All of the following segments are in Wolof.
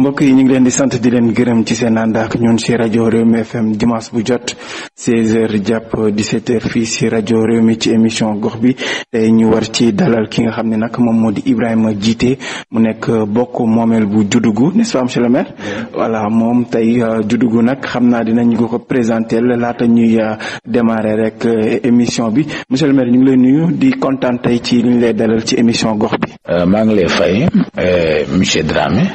mbokk yi ñu ngi leen di sant di leen gërëm ci seen ànd ak ñun ci rajo Rewmi FM dimanche bu jot 16h jàpp 17h fii ci rajo mi ci émission gox bi tey ñu war ci dalal ki nga xam ne nag moom moo di Ibrahima jiite mu nekk bokk moomeel bu Judugu n'est-ce pas monsieur le maire voilà moom tey euh, Judugu nag xam naa dinañ ko ko présenter laata ñuy euh, démarrer rek euh, émission bi monsieur le maire ñu ngi lay nuyu di kontaan tey ci li ñu lay dalal ci émission gox bi. maa ngi lay fay monsieur Dramé.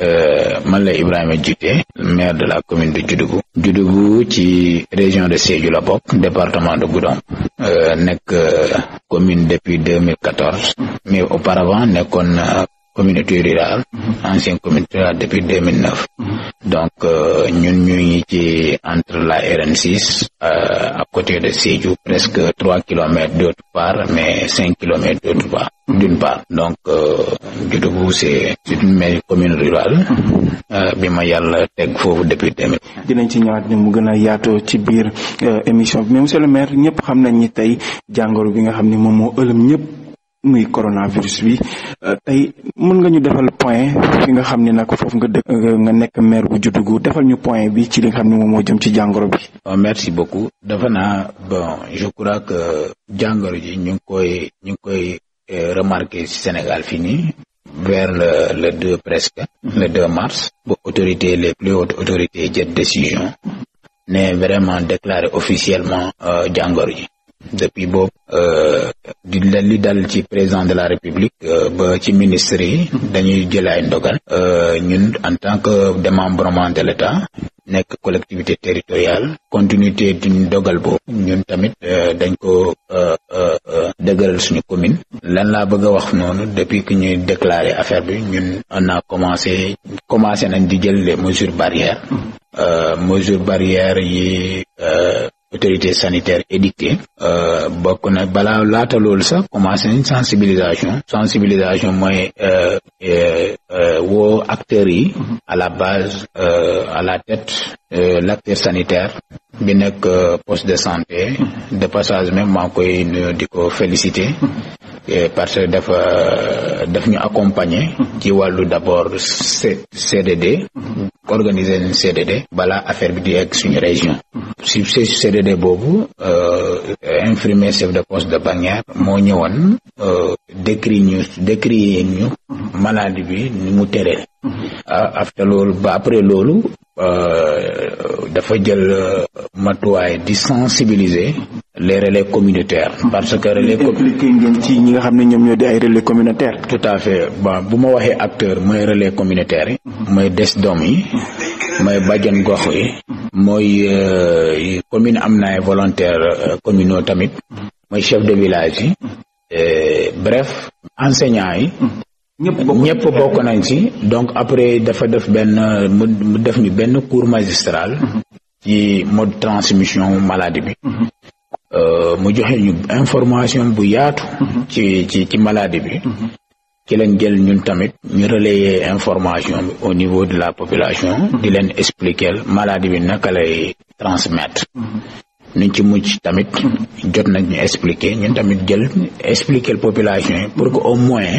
Euh, man la Ibrahima Djité maire de la commune de Dioudoubou Dioudoubou ci région de Sédhiou la bokk département de Goudomp euh, nekk euh, commune depuis 2014 mais auparavant nekkoon communauté rurale ancienne communauté rurale depuis 2009 donc euh, ñun ñu ngi ci entre la RN6 euh, à côté de Sédhiou presque trois kilomètres d'autre part mais cinq kilomètres d'autre part d'une part donc euh, Dioudoubou c'est une commune rural bi ma yàlla teg foofu depuis tamit dinañ ci ñëwaat ni mu gën a yaatoo ci biir émission bi mais monsieur ñëpp xam nañ ni tey jàngoro bi nga xam ni moom moo ëlëm ñëpp muy coronavirus bi euh, tey mën nga ñu defal point fi nga xam ne nag foofu nga dëkk euh, nga nekk maire bu Dioudoubou defal ñu point bi ci li nga xam ne moom moo jëm ci jàngoro bi. Oh, merci beaucoup dafa naa bon je jàngoro ji ñu ngi koy ñu ngi koy euh, remarqué ci Sénégal fii nii. vers le le deux presque le deux mars bo autorité le plus hautes autorité jël décision ne vraiment déclaré officiellement jàngoro ji depuis boobu euh, di leen li dal ci président de la république euh, ba ci ministre yi dañuy jël ay ndogal euh, ñun en tant que démembrement de l'état nekk collectivité territoriale continuité duñ dogal boobu ñun tamit dañ ko dëgëral suñu commune lan laa bëgg wax noonu depuis que ñuy déclaré affaire bi ñun on a commencé commencé nañ di jël les mesures barrières mesures barrières yi autorités sanitaires édictées euh, bokk na balaa laata lool sax commencé sensibilisation sensibilisation mooy euh, euh, wo acteurs yi à la base à la tête l'acteur sanitaire bi nekk poste de santé de passage même maa koy nu di ko félicité Eh, parce que dafa daf ñu accompagner. ci wàllu d'abord C CDD. organiser leen CDD. balaa affaire bi di egg suñu région. si si CDD boobu euh, infirmier chef de poste de Banguère moo ñëwoon euh, décrit ñu décrit ñu maladie bi ni mu tëree. ah after loolu ba après loolu euh, dafa jël euh, matuwaay di sensibiliser les relais communautaires. parce que relais communautaires ci ñi nga xam ne ñoom ñoo di ay relais communautaires. tout à fait ba bu ma waxee acteur mooy relais communautaires yi. mooy des doom yi. mooy bàjjan gox yi. mooy commune am na ay volontaires tamit. mooy chef de village yi. bref enseignants yi. ñëpp bokk nañ si donc après dafa def benn mu def ñu benn cours magistral ci mode transmission maladie bi mhm. euh, mu joxe ñu information bu yaatu mhm. ci ci ci maladie bi mhm. ci lañ jël ñun tamit ñu relayer information bi au niveau de la population di leen expliquer maladie bi naka lay transmettre nuñ ci mujj tamit jot nañ ñu expliquer ñun tamit jël expliquer population yi pour que au moins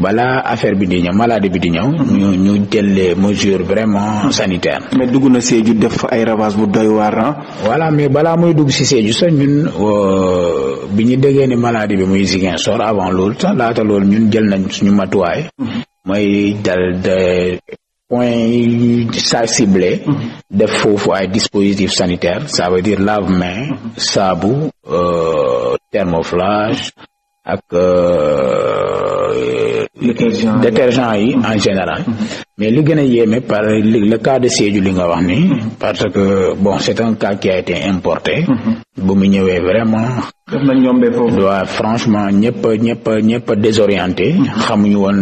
balaa affaire bi di ñëw maladi bi di ñëw. ñu ñu jël les vraiment sanitaire mais dugg na Sédhiou def fa ay ravage bu doy waar wala ah. mais balaa muy dugg si Sédhiou sax ñun euh, bi ñu déggee ni maladie bi muy Ziguinchor avant loolu sax laata loolu ñun jël nañ suñu matuwaay. mooy dal de point sa def foofu ay sanitaire sanitaires ça veut dire lave-main euh, thermoflage ak. Euh, détergent yi en général mhm. mais lu gën a yéeme par le cas de Sédhiou li nga wax ni mhm. parce que bon c'est un cas qui a été importé mhm. bu mu ñëwee vraiment waaw franchement ñëpp ñëpp ñëpp désorienté xamuñu woon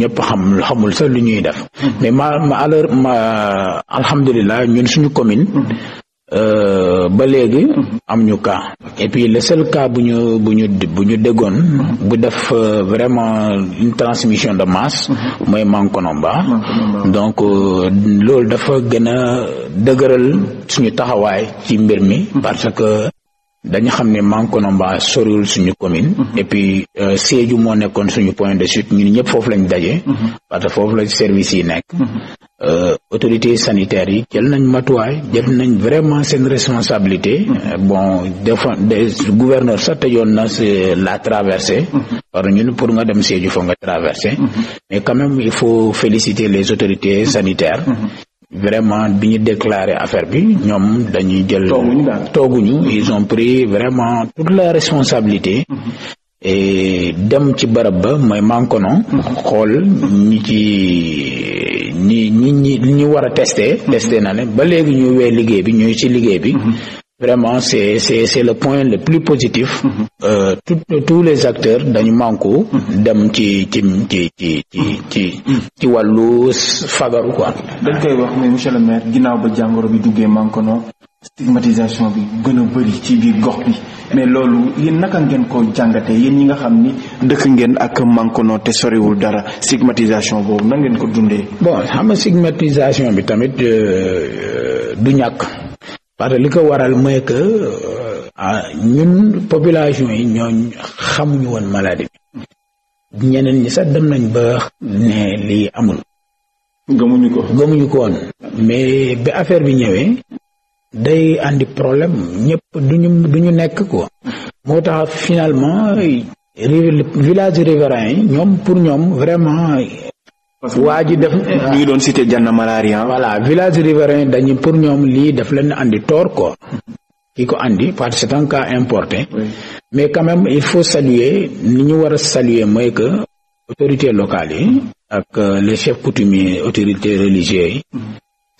ñëpp xam xamul sax lu ñuy def mais ma ma ñun suñu commune Euh, ba léegi am ñu cas et le seul cas bu ñu bu ñu bu ñu déggoon bu def euh, vraiment une transmission de masse mooy Mankonomba donc euh, loolu dafa gën a dëgëral suñu taxawaay ci mbir mi parce que dañu xam ne Mankonomba soriwul suñu commune. Mhm. et puis euh, Sédhiou moo nekkoon suñu point de chute ñun ñëpp foofu lañ daje. Mhm. parce que foofu la service yi nekk. Mhm. Euh, autorité sanitaires yi jël nañ matuwaay jël nañ vraiment seen responsabilité. Euh, bon de gouverneur sax tëjoon na la traversée. par que ñun pour nga dem Sédhiou foog nga traversé. mais quand même il faut féliciter les autorités sanitaires. vraiment bi ñu déclaré affaire bi ñoom dañuy jël tooguñu ils ont pris vraiment toute la responsabilité mm-hmm. et dem ci barab ba mooy mankono mm-hmm. xool ñi ci ñi ñi ñi ñi war a teste mm-hmm. testé na ne ba léegi ñu wee liggéey bi ñuy ci liggéey bi vraiment c'est c'est c'est le point le plus positif mm-hmm. euh, tout les acteurs dañu manko mm-hmm. dem ci ci ci ci ci ci mm-hmm. ci wàllu fagaru quoi dañ koy wax mais monsieur le maire ginnaaw ba jàngoro bi duggee mankono stigmatisation bi gën a bëri ci biir gox bi mais loolu yéen naka ngeen ko jàngatee yéen ñi nga xam ni dëkk ngeen ak mankono te soriwul dara stigmatisation boobu na ngeen ko dundee bon xam stigmatisation bi tamit euh, du ñàkk parce que li ko waral mooy que euh, ah, ñun population yi ñooñ xamuñu woon maladie bi ñeneen ñi sax dem nañ ba ne lii amul gëmuñu ko gëmuñu ko woon mais bi affaire bi ñëwee day àndi problème ñëpp duñu du ñu nekk quoi moo tax finalement village riverain yi ñoom pour ñoom vraiment waa ji def ñu ngi doon cité Janna malaria. voilà village riverain dañu pour ñoom lii daf leen andi tort quoi. ki ko andi parce que c'est un cas importé. mais quand il faut saluer ni ñu war a saluer mooy que autorités locales yi. ak euh, les chefs coutumiers autorités religieuses yi.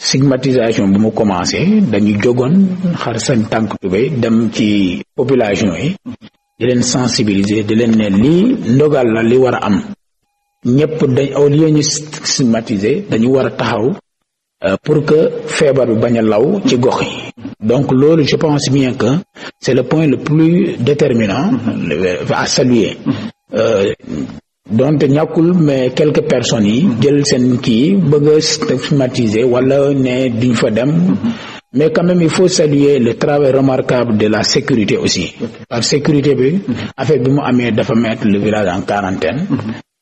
stigmatisation bu mu commencé dañu jogoon xar sañ tànk tubéy dem ci population yi. di leen sensibiliser di leen ne lii ndogal la li war a am. ñëpp dañ au lieu ñu stigmatiser dañu war a taxaw euh, pour que feebar bi bañ a law ci gox donc loolu je pense bien que c'est le point le plus déterminant à saluer euh, donte ñàkkul mais quelques personnes yi jël seen kii bëgg a stigmatiser wala ne duñ fa dem mais quand même il faut saluer le travail remarquable de la sécurité aussi par sécurité bi affaire bi mu amee dafa mettre le village en quarantaine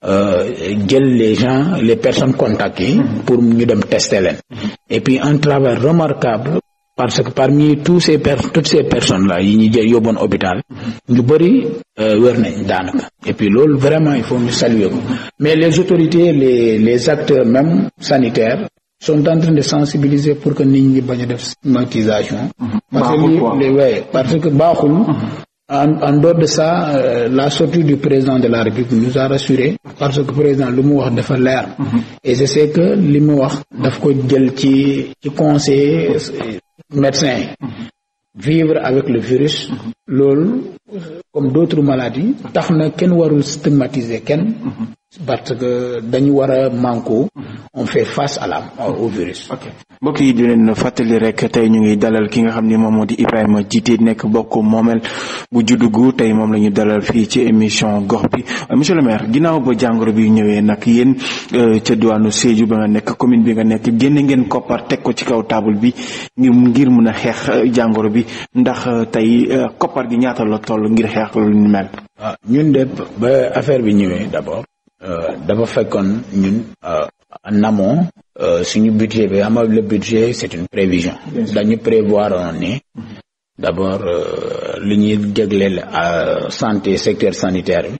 Euh, jël les gens les personnes contactées mhm. pour ñu dem tester leen mhm. et puis un travail remarquable parce que parmi tous ces per toutes ces personnes là yi ñu jël yóbboon hôpital mhm. ñu bëri euh, wér nañ daanaka et puis loolu vraiment il faut ñu saluer ko mais les autorités les les acteurs même sanitaires son en train de sensibiliser pour que nit ñi bañ a def stigmatisation parce que baaxul En, en dehors de ça euh, la sortie du président de la République nous a rassuré parce que président lu mu wax dafa leer. Mhm. et je sais que li mu wax daf ko jël ci ci conseil euh, médecin. Mhm. vivre avec le virus. Mhm. loolu comme d'autres maladies. tax na kenn warul stigmatiser kenn. parce que dañu war a manko on fait face à la euh, au virus. ok mbokk yi di leen fàttali rek tey ñu ngi dalal ki nga xam ni moom moo di Ibrahima Djité nekk bokk moomeel bu gu tey moom la ñu dalal fii ci émission gox bi euh, monsieur le maire ginnaaw ba jàngoro bi ñëwee nag yéen euh, ca diwaanu Sédhiou ba nga nekk commune bi nga nekk génne ngeen koppar teg ko ci kaw taabal bi ngir ngir mun a xeex jàngoro bi ndax tey koppar gi ñaata la toll ngir xeex lu mel. Ah, ñun de ba affaire bi ñëwee d'abord. Euh, dafa fekkoon ñun euh, en amont euh, suñu budget bi ama le budget c'est une prévision dañu prévoir on ne d'abord li ñuy jagleel à santé secteur sanitaire bi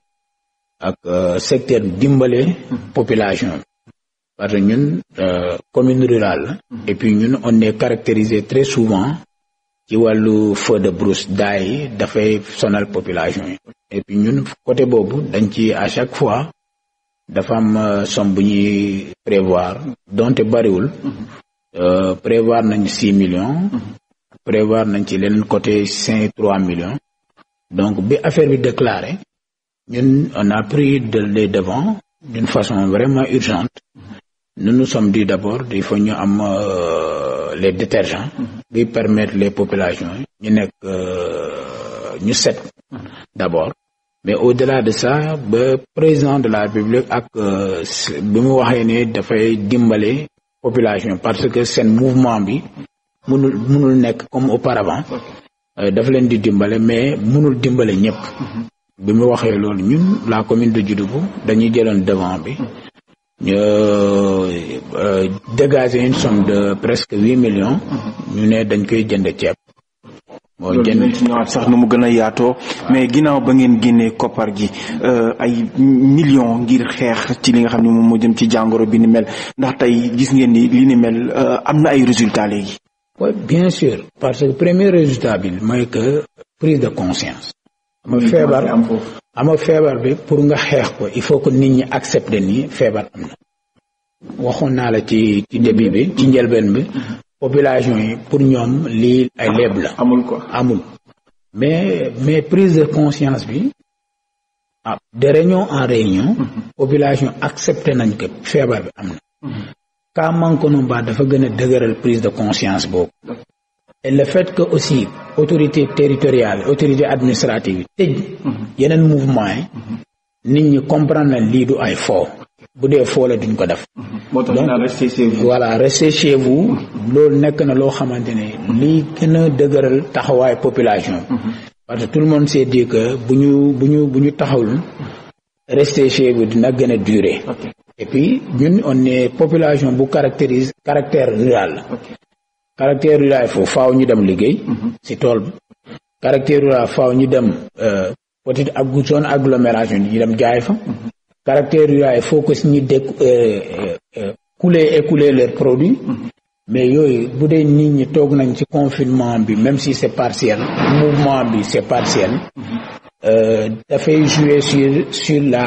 ak secteur dimbale population parce que ñun commune rural et puis ñun on est très souvent ci wàllu feu de brousse daay dafay sonal population yi et puis ñun côté boobu dañ ci à chaque fois dafa am euh, somme bu ñuy prévoir donte bariwul mhm. euh, prévoir nañ six millions mhm. prévoir nañ ci leen côté cinq trois millions donc bi affaire bi déclaré ñun on a pris de les devants d'une façon vraiment urgente nunu mhm. nous di dit d'abord il faut ñu am euh, les détergents bi permettre les populations ñu nekk ñu set d'abord mais au-delà de ça ba président de la République ak euh, bi mu waxee ne dafay dimbale population parce que seen mouvement bi mënul mënul nekk comme auparavant euh, dafa leen di dimbale mais munul dimbale ñëpp mhm. bi mu waxee loolu ñun la commune de Dioudoubou dañuy jëloon devant bi ñu mhm. euh, dégager une somme de presque huit millions mhm. ñu ne dañ koy jënd ceeb loolu dinañ sax nu mu gën a yaatoo mais ginnaaw ba ngeen génnee koppar gi euh, ay millions ngir xeex ci li nga xam ne moom moo jëm ci jàngoro bi ni mel ndax tey gis ngeen ni li ni mel euh, am na ay résultats léegi. bien sûr parce que premier résultat bi mooy que prise de conscience. ama feebar am ama feebar bi pour nga xeex ko il faut que nit ñi accepter nii feebar am na. waxoon naa la ci ci début bi ci njëlbeen bi mm-hmm. population yi pour ñoom lii ay léeb la. amul ko amul. mais mais prise de conscience bi ah de réunion en réunion. Mhm. population accepté nañ ko feebar bi am na. Mhm. ka kaa Mankonomba dafa gën a dëgëral prise de conscience boobu. et le fait que aussi autorité territoriale autorité administrative yi tëj. Mhm. yeneen mouvement yi. nit ñi comprendre na lii du ay fo. bu dee foo la duñ ko def. Mm-hmm. moo tax donc voilà restez chez mm-hmm. loolu nekk na loo xamante ne. Mm-hmm. lii gën a dëgëral taxawaay population. parce que tout le monde s'est dit que bu ñu bu ñu bu ñu taxawul. restez chez vous dina gën a durer. et puis ñun on est population bu caractérise caractère rural. caractère rural foofu faaw ñu dem liggéey. ci tool bi. caractère rural faaw ñu dem euh, peut-être ak zone agglomération ñu dem jaay fa. caractères yooyu faut que ñu dégg couler écouler leurs produits mm-hmm. mais yooyu bu dee nit ñi toog nañ ci confinement bi même si c'est partiel mouvement bi c'est partiel mm-hmm. euh, dafay jouer sur sur la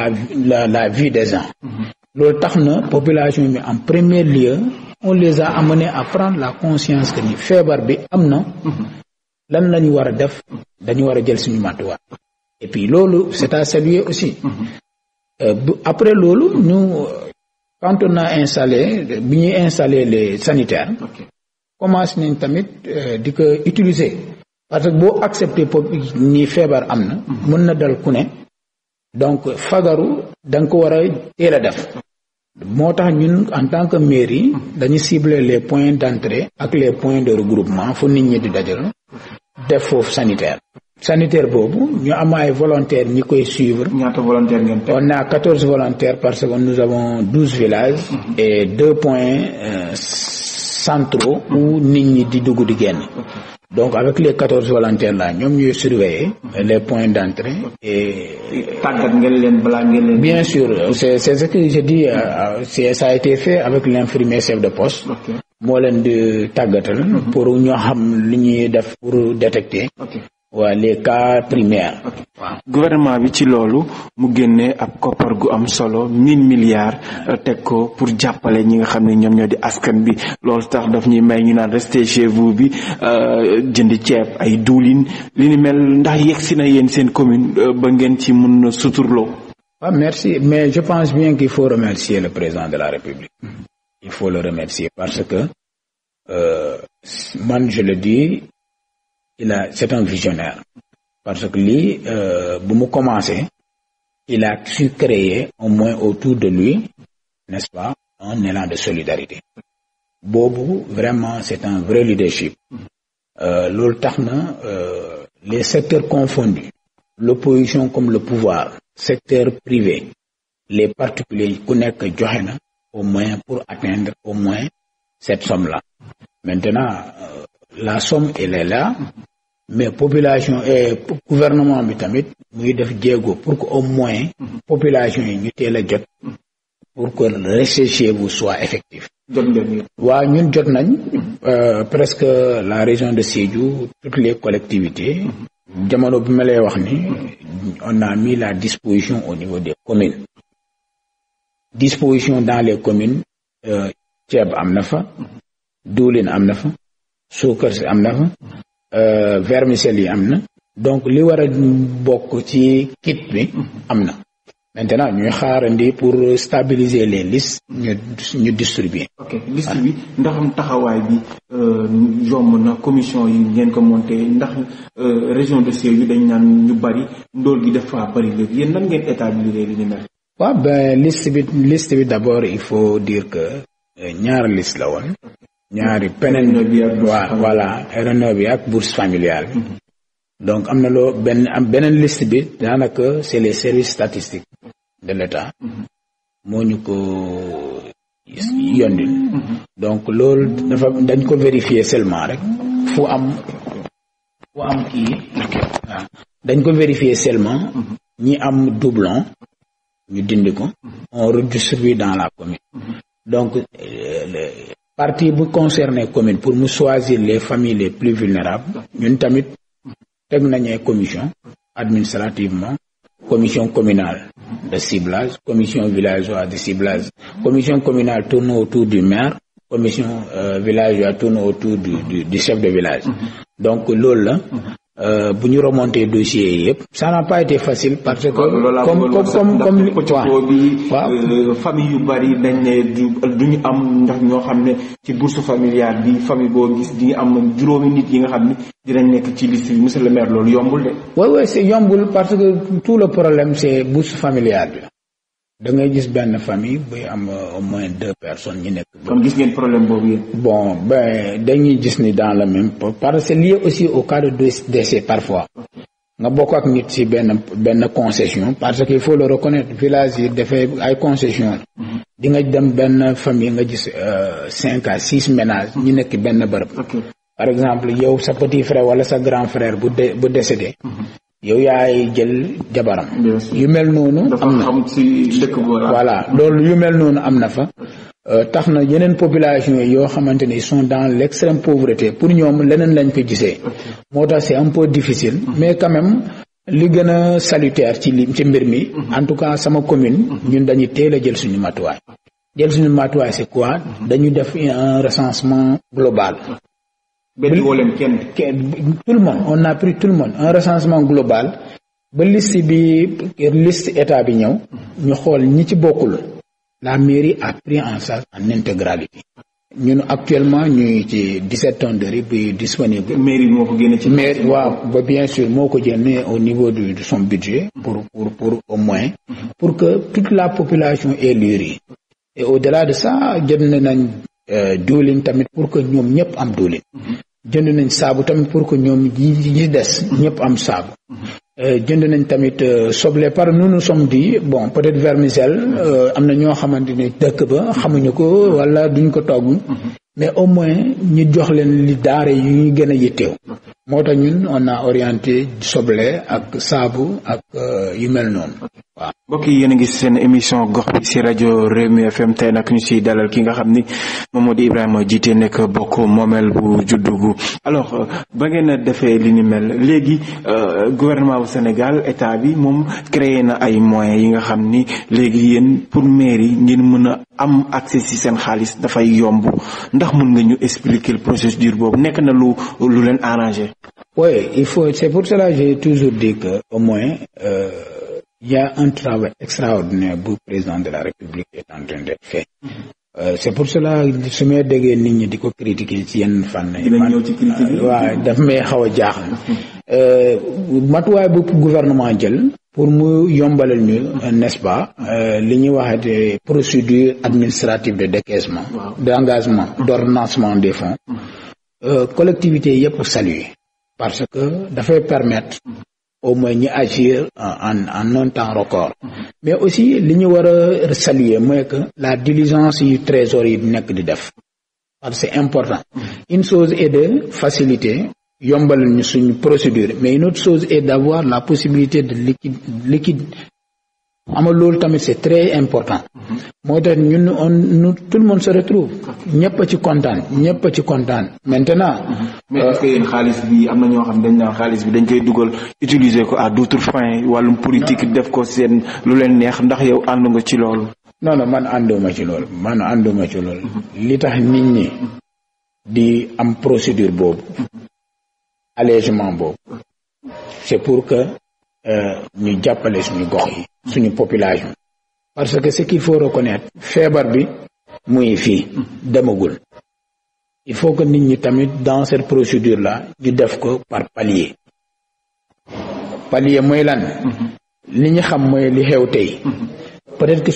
la la vie des gens mm-hmm. loolu tax na population bi en premier lieu on les a amenés à prendre la conscience feebar bi am na lan lañu war a def dañu war a jël suñu matuwaay et puis loolu c'est à saluer aussi Euh, après loolu ñu quand on a installé bi ñuy installé les sanitaires commence nañ tamit euh, di ko utiliser parce que boo accepté pop ni feebar am na mhm. mën na dal ku ne donc fagaru danga ko war a teel a def moo tax ñun en tant que mairie mhm. dañu cibler les points d'entrée ak les points de regroupement fu nit ñi di dajal def foofu sanitaire sanitaire boobu ñu am ay volontaires ñi koy suivre. ñaata volontaires ngeen on a quatorze volontaires parce que nous avons douze villages. Mhm. et deux points euh, centraux. Mhm. où nit ñi di dugg di génn. donc avec les quatorze volontaires la ñoom ñuy surveiller mhm. les points d'entrée et tàggat ngeen leen balaa ngeen leen bien sur c'est c'est ce que je dis euh, euh, c'est ça été fait avec l'infirmier chef de poste moo leen di tàggatel pour ñoo xam li ñuy def pour détecter waa les cas primaires. waaw gouvernement bi ci loolu mu génnee ab koppar gu am solo mille milliards euh, teg ko pour jàppale ñi nga xam ne ñoom ñoo di askan bi loolu tax daf ñuy may ñu naan restez chez vous bi euh, jënd ceeb ay duulin li ni mel ndax yegg si na yéen seen commune euh, ba ngeen ci mun a suturloo. waaw merci mais je pense bien qu'il faut remercier le président de la République. il faut le remercier parce que euh, man je le dis. il a c'est un visionnaire parce que lii euh, bu mu commencé il a su créer au moins autour de lui n'est-ce pas un élan de solidarité boobu vraiment c'est un vrai leadership euh, loolu tax na euh, les secteurs confondus l'opposition comme le pouvoir secteur privé les particuliers ku nekk joxe na au moins pour atteindre au moins cette somme-là maintenant la somme elle est là mais population gouvernement bi tamit muy def jéego pour que au moins population yi ñu teel a jot pour que recherche bu soit effective waaw ñun jot nañ euh, presque la région de Sédhiou toutes les collectivités jamono bi ma lay wax ni on a mis la disposition au niveau des communes disposition dans les communes euh, ceeb am na fa diwlin am na fa suukar si am na fa Euh, vermicelles yi am na donc li war a bokk ci kit bi am na maintenant ñuy xaarandi pour stabiliser les listes ñu ñu distribuer. ok liste bi ndax am taxawaay bi euh, yomb na commission yi ngeen ko monté ndax euh, région de Sédhiou dañ naan ñu bari ndóol gi dafa bari léegi yéen nan ngeen établir li ni mel. waaw ben liste bi liste bi d'abord il faut dire que ñaar liste la woon ñaari penen waaw voilà RNO bi ak bourse familiale mm-hmm. donc am na loo benn am beneen liste bi daanaka c'est les services statistiques de l'État mm-hmm. moo ñu ko yondil mm-hmm. donc loolu dañ ko vérifier seulement rek fu am fu am kii dañ ko vérifier seulement ñi am doublon ñu dindi ko on redistribue dans la commune donc euh, partie bu concerné commune pour mu choisir les familles les plus vulnérables ñun tamit teg nañu commission administrativement commission communale de ciblage commission villageoise de ciblage commission communale tourne autour du maire commission euh, villageoise tourne autour du du chef de village mm-hmm. donc loolu la mm-hmm. Euh, bu ñu remonté dossier yi yëpp. ça n'a pas été facile parce que. comme comme comme li waaw euh, famille yu bari dañ ne du ñu am ndax ñoo xam ne ci bourse familiale bi famille boo gis di am juróomi nit yi nga xam ne dinañ nekk ci liste bi monsieur le maire loolu yombul de. waaw waaw c'est yombul parce que tout le problème c'est bourse familiale bi. da ngay gis benn famille buy am euh, au moins deux personnes ñu nekk. kon gis ngeen problème boobu yëpp. bon ben dañuy gis ni dans le même parce que lié aussi au cas de décès parfois. nga bokk ak nit ci benn benn concession parce que il faut le reconnaître village yi dafay ay concession di nga dem benn famille nga gis euh, cinq à six ménages ñu nekk benn bërëb. par exemple yow sa petit frère wala sa grand frère bu dé bu décédé. Mhm. yow yaay jël jabaram yu mel noonu am na voilà loolu yu mel noonu am na fa euh, tax na yeneen population yoo xamante ni sont dans l'extrême pauvreté pour ñoom leneen lañ ko gisee moo tax c'est un peu difficile mhm. mais quand même li gën a salutaire ci li ci mbir mi mhm. en tout cas sama commune mhm. ñun dañuy teel a jël suñu matuwaay jël suñu matuwaay c'est quoi dañu def un recensement global benn wóolem kenn. tout on a pris tout le monde un recensement ba liste bi liste état bi ñëw ñu xool ñi ci bokkul la mairie a pris en charge en intégralité. ñun actuellement ñuy ci 17 tonnes de riz bi disponible. mairie waaw ba bien sûr moo ko génne au niveau de son budget. pour pour pour au moins. pour que toute la population ait le riz. et au delà de ça jot nañ euh, diwlin tamit pour que ñoom ñëpp am diwlin. jënd nañ saabu tamit pour que ñoom ñi ñi des ñëpp am saabu euh, jënd nañ tamit euh, soble par nous somme di bon peut-être vermicelle euh, am na ñoo xamante ne dëkk ba xamuñu ko wala duñ ko togg mhm. mais au moins ñu jox leen li daara yi ñu gën a yitteew moo tax ñun on a orienté soble ak saabu ak euh, yu mel noonu. waaw mbokk yi yéen a ngi seen émission gox bi si rajo Rewmi FM tey nag ñu siy dalal ki nga xam ni moom moo di Ibrahima Djité nekk bokk moomeel bu juddu gu alors euh, ba ngeen a defee li ni mel léegi euh, gouvernement bu Sénégal état bi moom créer na ay moyens yi nga xam ni léegi yéen pour mairie ngeen mën a am accès seen xaalis dafay yomb ndax mun nga ñu expliquer procédure boobu nekk na lu lu leen arrangé. Oui, il faut. C'est pour cela que toujours dit au moins, euh, il y a un travail extraordinaire bu président de la République est en train de faire. Euh, c'est pour cela su may déggee nit ñi di ko critiquer ci yenn fànn yi man euh, daf may xaw a jaaxal euh, matuwaay bu gouvernement jël pour mu yombalal ñu n'est-ce pas li ñuy waxate procédure administrative de décaissement d'engagement d'ordonnancement des fonds mm. collectivités yëpp saluer parce que dafay permettre au moins ñu agir en en un temps record mais aussi li ñu war a saluer mooy que la diligence yu trésor yi nekk di def parce que c'est important une chose est de faciliter yombal ñu suñu procédure mais une autre chose est d'avoir la possibilité de liquide liquide ama loolu tamit c'est très important moo tax ñun on nous tout le monde se retrouve ñëpp a ci kontaan ñëpp a ci kontaan maintenant. mais est xaalis bi am na ñoo xam dañ naan xaalis bi dañ koy dugal utiliser ko à d'autres fins wàllum politique def ko seen lu leen neex ndax yow ànd nga ci loolu. non non man ànduma ci lool man ànduma ci loolu. li tax nit ñi di am procédure boobu allègement boobu c'est pour que Euh, ñu jàppale suñu gox yi suñu population parce que ce qu'il faut reconnaître feebar bi muy fii demagul il faut que nit ñi tamit dans cette procédure là ñu def ko par palier palier mooy lan li ñu xam mooy li xew tey peut-être que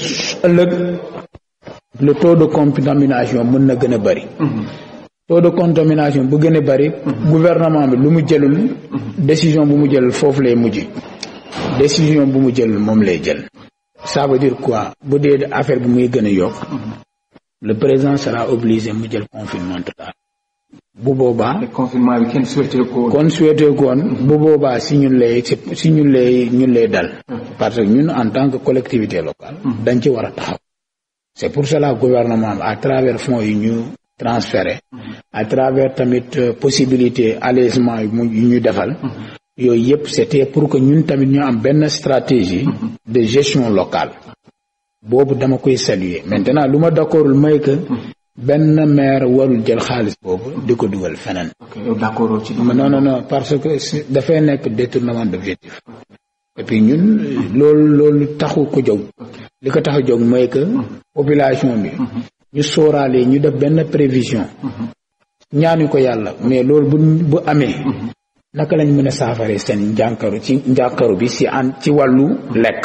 ëllëg le taux de contamination mën na gën a bari taux de contamination bu gën a bari gouvernement bi lu mu jëlul décision bu mu jëlul foofu lay mujj décision bu mu jël moom lay jël ça veut quoi bu dee affaire bi muy gën a yokk le président sera obligé mu jël confinement total bu boobaa confinement bi kenn souhaité ko kon souhaité bu boobaa si ñun lay si ñun lay ñun lay dal parce que ñun en tant que collectivité local mhm. dañ ci war a taxaw c'est pour cela gouvernement à travers fonds yu ñu transféré mhm. à travers tamit euh, possibilité allègement yu ñu defal mhm. yooyu yëpp c'était pour que ñun tamit ñu am benn stratégie de gestion locale boobu dama koy saluer maintenant lu ma d'accordul mooy que benn maire warul jël xaalis boobu di ko dugal feneen non non non parce que dafay nekk détournement d'objectif et ñun loolu loolu taxu ko jog li ko tax jog jóg mooy que mm-hmm. population bi mm-hmm. ñu sóoraale ñu def benn prévision mm-hmm. ñaanu ko yàlla mais loolu bu bu amee naka lañ mën a saafare seen njànkaru ci njànkaru bi si an ci wàllu lekk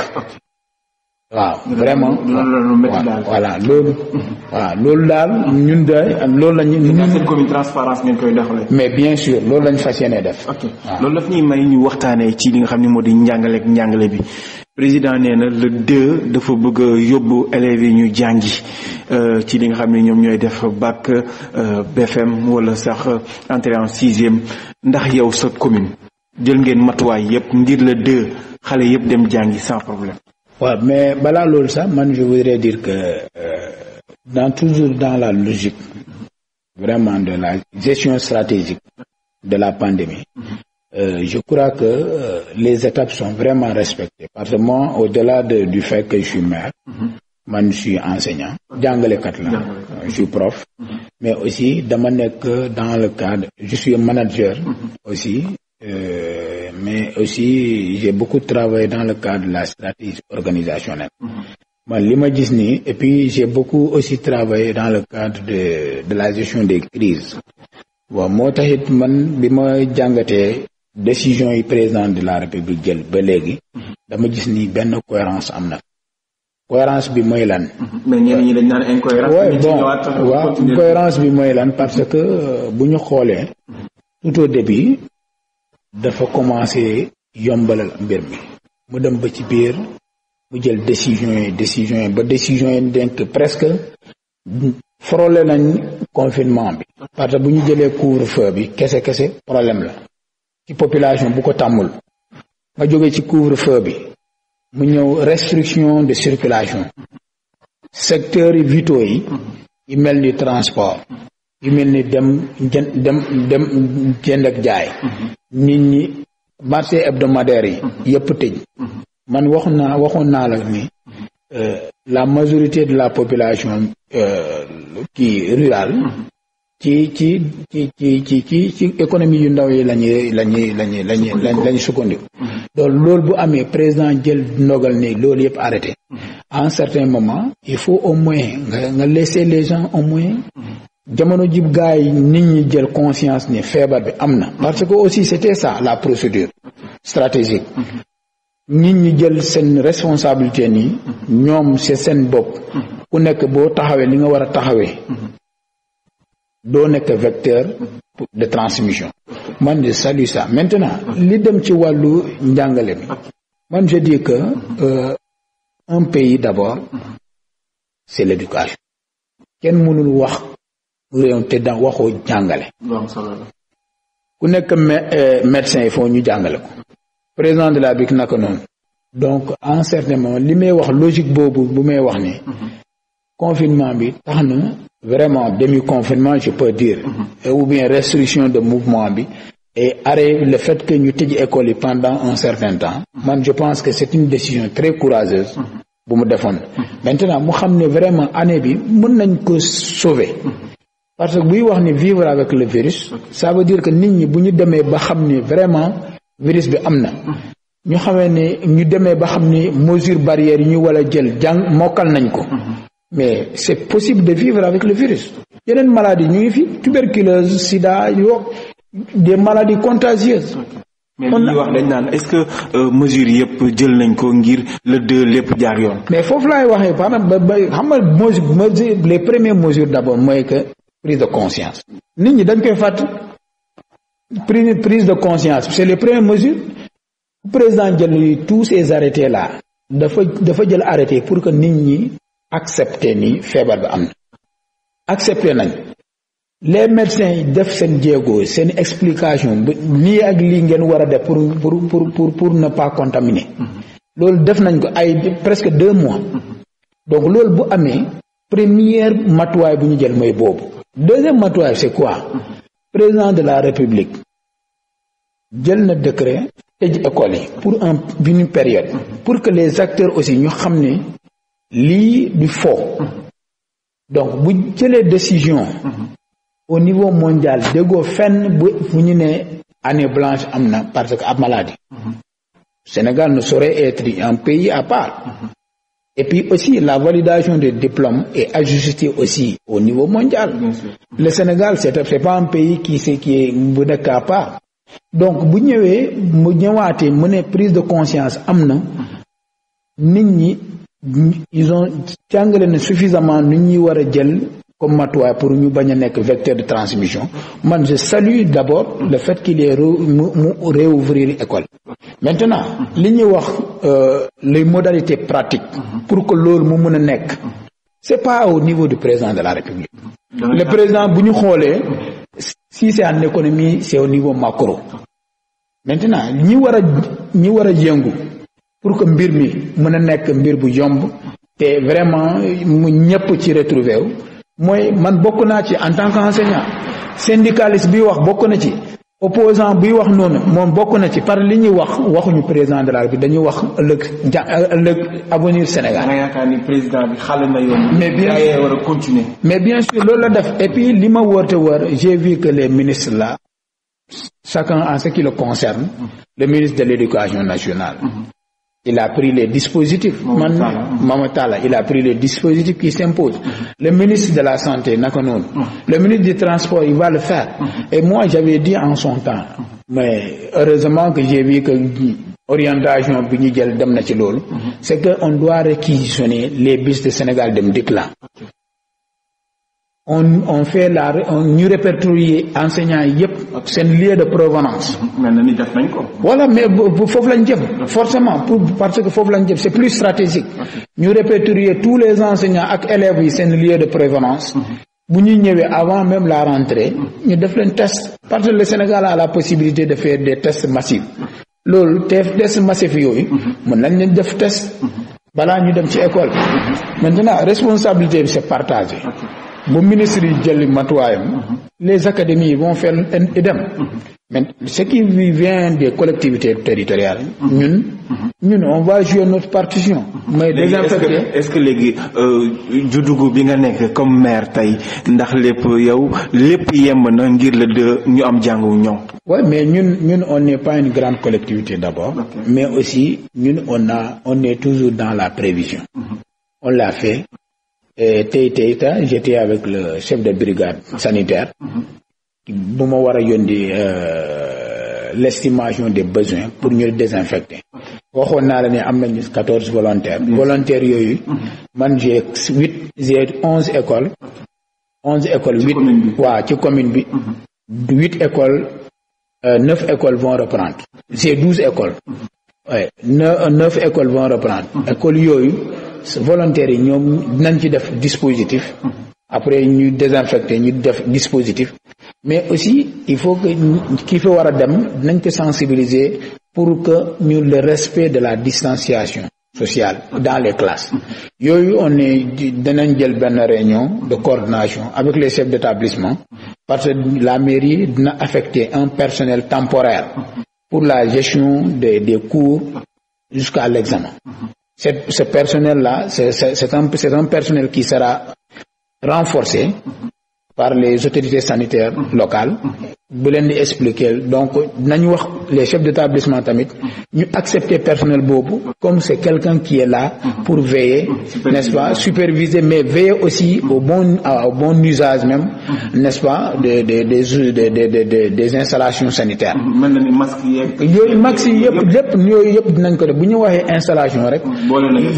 waaw vraiment voilà loolu waaw loolu daal ñun de loolu lañu ñun seen commune transparence ngeen koy doxalee mais bien sûr loolu lañ fa yéene def ok loolu daf ñuy may ñu waxtaanee ci li nga xam ne moo di njàngaleeg njàngale bi président nee na le dafa bëgg yóbbu élèves yi ñu jàngi euh, ci li nga xam ne ñoom ñooy def bac euh, BFM wala sax entrée en sixième ndax yow sa commune jël ngeen matuwaay yëpp ngir le deux xale yëpp dem jàngi sans problème. waaw mais balaa loolu sax man je voudrais dire que euh, dans toujours dans la logique vraiment de la gestion stratégique de la pandémie. Mm-hmm. Euh, je crois que euh, les étapes sont vraiment respectées. Parce que moi, au-delà de, du fait que je suis maire, mm -hmm. man suis enseignant, jàngalekat la, je suis prof, mm-hmm. mais aussi dama nekk dans le cadre, je suis manager mm-hmm. aussi, euh, mais aussi j'ai beaucoup travaillé dans le cadre de la stratégie organisationnelle. Mm-hmm. man li ma gis ni et puis j'ai beaucoup aussi travaillé dans le cadre de de la gestion des crises. waaw moo taxit man bi ma jàngatee décision yi président de la république jël ba léegi dama gis ni benn cohérence am na cohérence bi mooy lan mais bi mooy lan parce que euh, bu ñu xoolee tout au début dafa commencé yombalal mbir mi mu dem ba ci biir mu jël décision yi décision yi ba décision yi denk presque forole nañ confinement bi parce que bu ñu jëlee couvre-feu bi kese kese problème la ci population bu ko tàmmul nga jóge ci couvre-feu bi mu ñëw restriction de circulation secteurs yi vitaux yi yu mel ni transport yu mel ni dem dem dem jënd ak jaay nit ñi marché hebdomadaire yi yëpp tëj man wax naa waxoon naa la ni euh, la majorité de la population euh, kii rurale ci ci ci ci ci ci ci économie yu ndaw yi lañuy lañuy lañuy lañuy lañuy sukkandiku loolu lool bu amee président jël ndogal ni loolu yëpp arrêté mm-hmm. à un certain moment il faut au moins nga nga laisser les gens au moins mm-hmm. jamono ji gars yi nit ñi jël conscience ni feebar bi am na mm-hmm. parce que aussi c'était ça la procédure stratégique nit ñi jël seen responsabilité nii ñoom c'est seen bopp ku nekk boo taxawee li nga war a taxawee doo nekk vecteur de transmission man je salue sa maintenant li dem ci wàllu njàngale bi man je dis que euh, un pays d'abord c'est l'éducation kenn mënul wax réew te da waxoo jàngale ku nekk euh, médecin yi faut ñu jàngale ko président de la BIC naka noonu donc en certain li may wax logique boobu bu may wax ni mm-hmm. confinement bi tax na vraiment demi confinement je peux dire mhm. et ou bien restriction de mouvement bi et arrêt le fait que ñu tëj école yi pendant un certain temps mhm. man je pense que c'est une décision très courageuse mhm. bu mu defoon maintenant mu xam ne vraiment année bi mën nañ ko sauver parce que buy wax ni vivre avec le virus ça veut dire que nit ñi bu ñu demee ba xam ni vraiment virus bi am na ñu xamee ne ñu demee ba xam ni mesure barrière yi ñu wala a jël mokkal nañ ko mais c'est possible de vivre avec le virus yeneen maladie ñu ngi fi tuberculose sida yoo des maladies contagieuses mais li wax dañ naan est-ce que euh, mesures yëpp jël nañ ko ngir le deux lépp jaar yoon. mais foofu laay waxee par exemple ba ba xam nga mesure les premières mesures d'abord mooy que prise de conscience. nit ñi dañ koy fàtt prise prise de conscience c'est les premières mesures président jël tous ces arrêtés la dafa dafa jël arrêté pour que nit ñi accepté ni feebar bi am na accepté nañ les médecins yi def seen jéego seen explication lii ak lii ngeen war a def pour pour pour pour pour ne pas contaminer loolu def nañ ko ay presque deux mois donc loolu bu amee première matuwaay bu ñu jël mooy boobu deuxième matuwaay c'est quoi président de la république jël na décret tëj école yi pour un une période pour que les acteurs aussi ñu xam ni lii du fo donc bu jëlee décision au niveau mondial déggoo fenn bu fu ñu ne année blanche am na parce que ab maladie Sénégal ne saurait être un pays à part et puis aussi la validation des diplômes est ajustée aussi au niveau mondial le Sénégal c'est c'est pas un pays qui c'est qui est bu nekk à part donc bu ñëwee mu ñëwaatee mu ne prise de conscience am na nit ñi ils ont jàngale ne suffisamment nu ñuy war a jël comme matuwaay pour ñu bañ a nekk vecteur de transmission man je salue d'abord le fait li est mu mu réouvrir école maintenant li ñuy wax euh, les modalités pratiques pour que loolu mu mën a nekk c'est pas au niveau du président de la République le président bu ñu xoolee si c'est en économie c'est au niveau macro maintenant ñi war a ñi war a yëngu pour que mbir mi mën a nekk mbir bu yomb te vraiment mu ñëpp ci retrouver wu mooy man bokk naa ci en tant qu'enseignant syndicaliste bi wax bokk na ci opposant bi wax noonu moom bokk na ci par li ñuy wax waxuñu président de la bi dañuy wax ëllëg ja ëllëg avenir Sénégal. président bi xale na yoon. mais bien sûr continuer. mais bien loolu la def et puis li ma wërte wër j'ai vu que les ministres là chacun en ce qui le concerne le ministre de l'éducation nationale. Mm-hmm. il a pris les dispositifs man Mama Talla il a pris les dispositifs qui s'imposent mm-hmm. le ministre de la santé naka noonu mm-hmm. le ministre du transport il va le faire mm-hmm. et moi j'avais dit en son temps mais heureusement que j'ai vu que orientation bi ñu jël dem na ci loolu c'est que on doit réquisitionner les bus de Sénégal de Dikk là on on fait la on ñu répertorier enseignants yi yëpp seen lieu de provenance. mel na mais bu foofu lañ jëm. forcément pour parce que foofu lañ jëm c'est plus stratégique. ñu répertorier tous les enseignants ak élèves yi seen lieu de provenance. Mhm. bu ñuy ñëwee avant même la rentrée. Mhm. ñu def leen test. parce que le Sénégal a la possibilité de faire des tests massifs. Mhm. loolu te test massif yooyu. mën nañ leen def test. balaa ñu dem ci école. maintenant responsabilité bi c'est partagé. ba ministre yi jëli matuwaayam les académies vont faire idem mais ce qui vient des collectivités territoriales ñun ñun on va jouer notre partition mais désinfecté est-ce que léegi euh, juddugu bi nga nekk comme maire tey ndax lépp yow lépp yemb na ngir la de ñu am jàng wu ñoom oui mais ñun ñun on n'est pas une grande collectivité d'abord okay. mais aussi ñun on a on est toujours dans la prévision mhm. on l'a fait Euh, tey tey ta j'étais avec le chef de brigade sanitaire bu mm-hmm. ma war a yóndi euh, l'estimation des besoins pour ñu désinfecter waxoon naa ne am nañu quatorze volontaires mm-hmm. volontaires yooyu mm-hmm. man j'ai huit j'ai onze écoles onze écoles huit waaw ci commune bi huit écoles euh, neuf écoles vont reprendre c'est douze écoles neuf écoles vont reprendre écoles yooyu volontaires yi ñoom dinañ ci def dispositif après ñu désinfecté ñu def dispositif mais aussi il faut que ki fa war a dem dinañ ko sensibiliser pour que ñu le respect de la distanciation sociale dans les classes yooyu on est dinañ jël benn réunion de coordination avec les chefs d'établissement parce que la mairie dina affecter un personnel temporaire pour la gestion des des cours jusqu'à l'examen ce personnel-là, c'est un, un, personnel qui sera renforcé par les autorités sanitaires locales bu leen di expliquer donc nañu wax les chefs d'établissement tamit ñu accepter personnel boobu comme c'est quelqu'un qui est là pour veiller n'est-ce pas superviser mais veiller aussi au bon au bon usage même n'est-ce pas des des des des installations sanitaires yooyu masque yi yëpp lépp yooyu yëpp dinañ ko def bu ñu waxee installation rek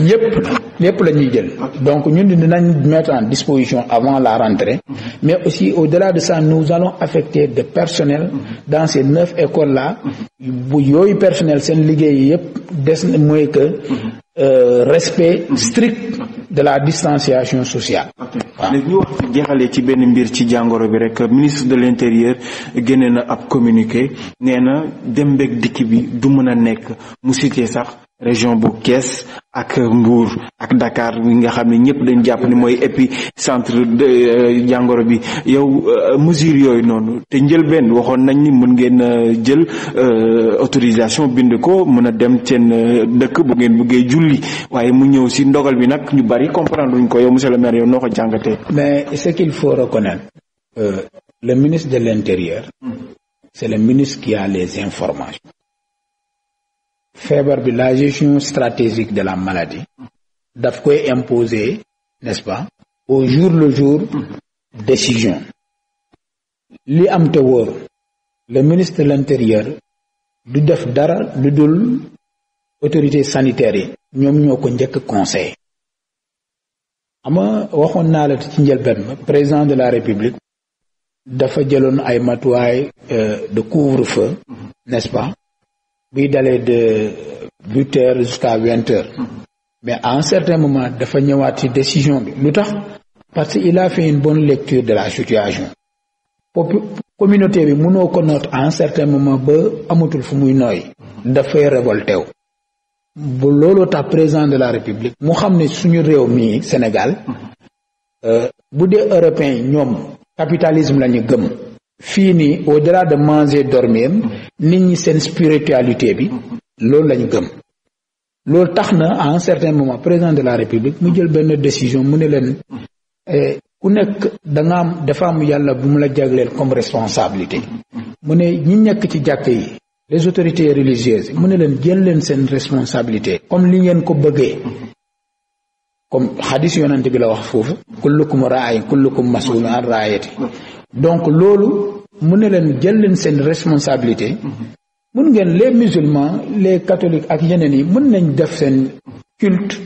yëpp yëpp la ñu jël donc ñun dinañ mettre en disposition avant la rentrée mhm. mais aussi au-delà de ça nous allons affecter de personnel dans ces neuf écoles là yooyu personnel seen liggéey yëpp des mooy que euh, respect strict de la distanciation sociale. waaw léegi ñu wax jeexalee ci benn mbir ci jàngoro bi rek ministre de l'intérieur génnee na ab communiqué nee na dem beeg dikk bi du mën a nekk mu cité sax. région bu Kees ak Mbour ak Dakar bi nga xam ne ñëpp dañ jàpp ni mooy centre de euh, jàngoro bi yow euh, mesure yooyu noonu te benn waxoon nañ ni mën ngeen a euh, jël autorisation bind ko mën a dem seen dëkk bu ngeen bëggee julli waaye mu ñëw si ndogal bi nag ñu bari comprendre luñ ko yow monsieur le maire yow noo ko jàngatee. mais ce qu'il faut reconnaître euh, le ministre de l'intérieur. Hmm. c'est le ministre qui a les informations. feebar bi la gestion stratégique de la maladie daf koy imposer nest pas au jour le jour décision li am te wóor le ministre de l'intérieur du def dara lu dul autorité sanitaire yi ñoom ñoo ko njëkk conseil ama waxoon naa la ci njëlbeen ma président de la république dafa jëloon ay matuwaay euh, de couvre-feu nest pas buy dalee de huit heures jusqu'à hmm. mais à un certain moment dafa ñëwaat ci décision bi lu tax parce que il a fait une bonne lecture de la situation communauté bi mënoo ko noot à un certain moment ba amatul fu muy nooy dafay révolté bu loolu tax président de la république mu xam ne suñu réew mii Sénégal hmm. euh, bu dee européen ñoom capitalisme la ñu gëm fii nii au delà de manger dormir nit ñi seen spiritualité bi loolu lañu gëm loolu tax na à un certain moment de la république mu jël benn décision mu ne leen eh, ku nekk da am dafa am yàlla bu mu la jagleel comme responsabilité mu ne ñi nekk ci jàkk yi les autorités religieuses mu ne leen jël leen seen responsabilité comme li ngeen ko bëggee comme xadis yonent bi la wax foofu kullukum raay kullukum raayati donc loolu mu ne leen jël leen seen responsabilité mun ngeen les musulmans les catholiques ak yeneen yi mën nañ def seen culte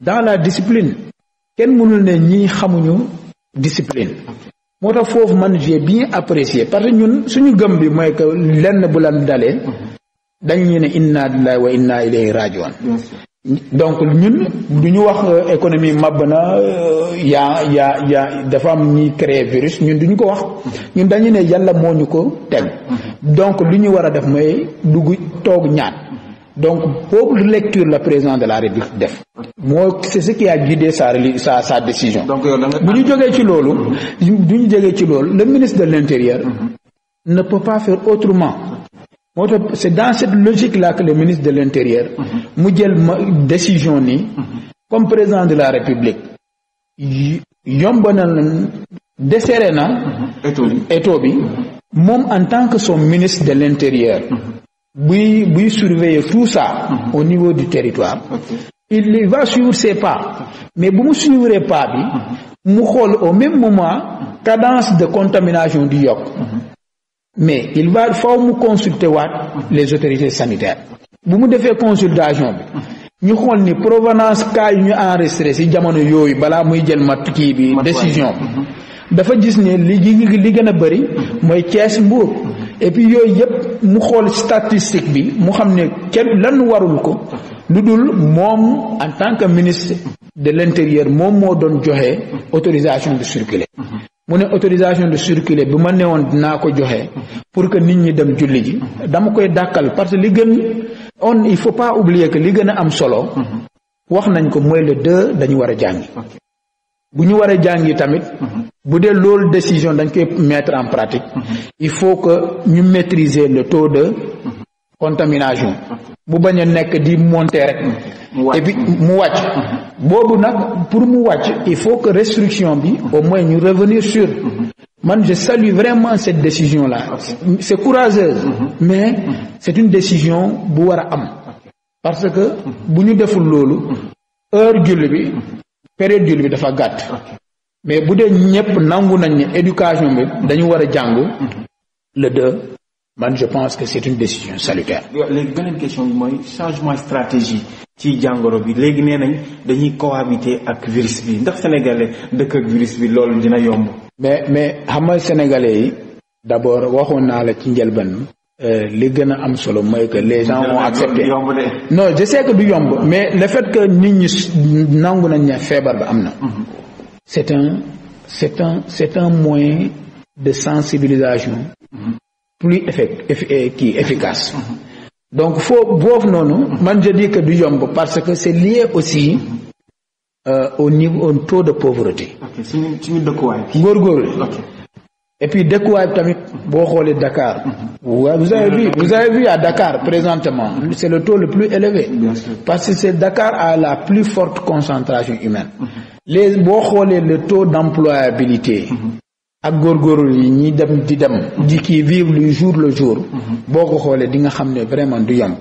dans la discipline kenn mënul ne ñi xamuñu discipline moo tax foofu man j'ai bien apprécié parce que ñun suñu gëm bi mooy que lenn bu lan dalee dañ ñu ne inna laay wa inna ilayhi rajiun donc ñun du ñu wax euh, économie màbb na euh, yaa yaa yaa dafa am ñuy créer virus ñun du ñu ko wax ñun dañu ne yàlla moo ñu ko teg donc li ñu war a def mooy dugg toog ñaan donc boobu lecture la président de la République def moo c'est ce qui a guidé sa sa sa décision bu ñu jógee ci loolu mm-hmm. du ñu jógee ci loolu le ministre de l'intérieur mm-hmm. ne peut pas faire autrement moo tax c'est dans cette logique là que le ministre de l'intérieur mhm. mu jël ma décision ni mhm. comme président de la république yomb na desserré na mhm. éto bi moom en tant que son ministre de l'intérieur buy buy surveiller tout ça au niveau du territoire il va suivre ses pas mais bu mu suivre pas bi mu xool au même moment cadence de contamination du yokk mais il va faw mu consulter waat les autorités sanitaires bu mu defee consultation bi ñu xool ni provenance cas yu ñu enregistré ci jamono yooyu balaa muy jël mat kii bi décision mhm. dafa gis ne li li gën a bëri mooy Thiès Mbour et puis yooyu yëpp mu xool statistique bi mu xam ne kenn lan warul ko lu dul moom en tant que ministre de l'intérieur moom moo doon joxe autorisation de circuler mu ne autorisation de circuler bi ma woon dinaa ko joxe pour que nit ñi dem julli ji dama koy dàkkal parce que li gën on il faut pas oublier que li gën a am solo wax nañ ko mooy le deux dañu war a jàngi bu ñu war a jàngi tamit bu dee loolu décision dañ koy mettre en pratique il faut que ñu maîtriser le taux de contamination bu bañ a nekk di monter rek et mu wàcc mm-hmm. boobu nag pour mu wàcc il faut que restriction bi au moins ñu revenir sur mm-hmm. man je salue vraiment cette décision là c'est courageuse mm-hmm. mais c'est une décision bu war a am parce que bu ñu deful loolu heure julli bi période julli bi dafa gàtt mais bu dee ñëpp nangu nañ ni éducation bi dañu war a jàng le deux man je pense que c'est une décision salutaire. léegi beneen question bi mooy changement stratégie ci jàngoro bi léegi nee nañ dañuy cohabiter ak virus bi ndax sénégalais dëkk ak virus bi loolu dina yomb. mais mais xam nga sénégalais yi d'abord waxoon naa la ci njëlbeen euh, li gën a am solo mooy que les gens ont accepté non je sais que du yomb mais le fait que nit ñi nangu nañ ne feebar bi am na. Mhm. c'est un c'est un c'est un moyen de sensibilisation. Mhm. plus effect eh, kii efficace donc foo boofu noonu man je dis que du yomb parce que c'est lié aussi euh, au niveau au taux de pauvreté suñu suñu dëkkuwaay et puis dëkkuwaay bi tamit boo xoolee Dakar waaw vous avez vu vous à Dakar présentement c'est le taux le plus élevé parce que c'est Dakar a la plus forte concentration humaine les boo xoolee le taux d'employabilité ak góorgóorlu yi ñi dem di dem mhm. di ki vivre le jour le jour mhm. boo ko xoolee di nga xam ne vraiment du yomb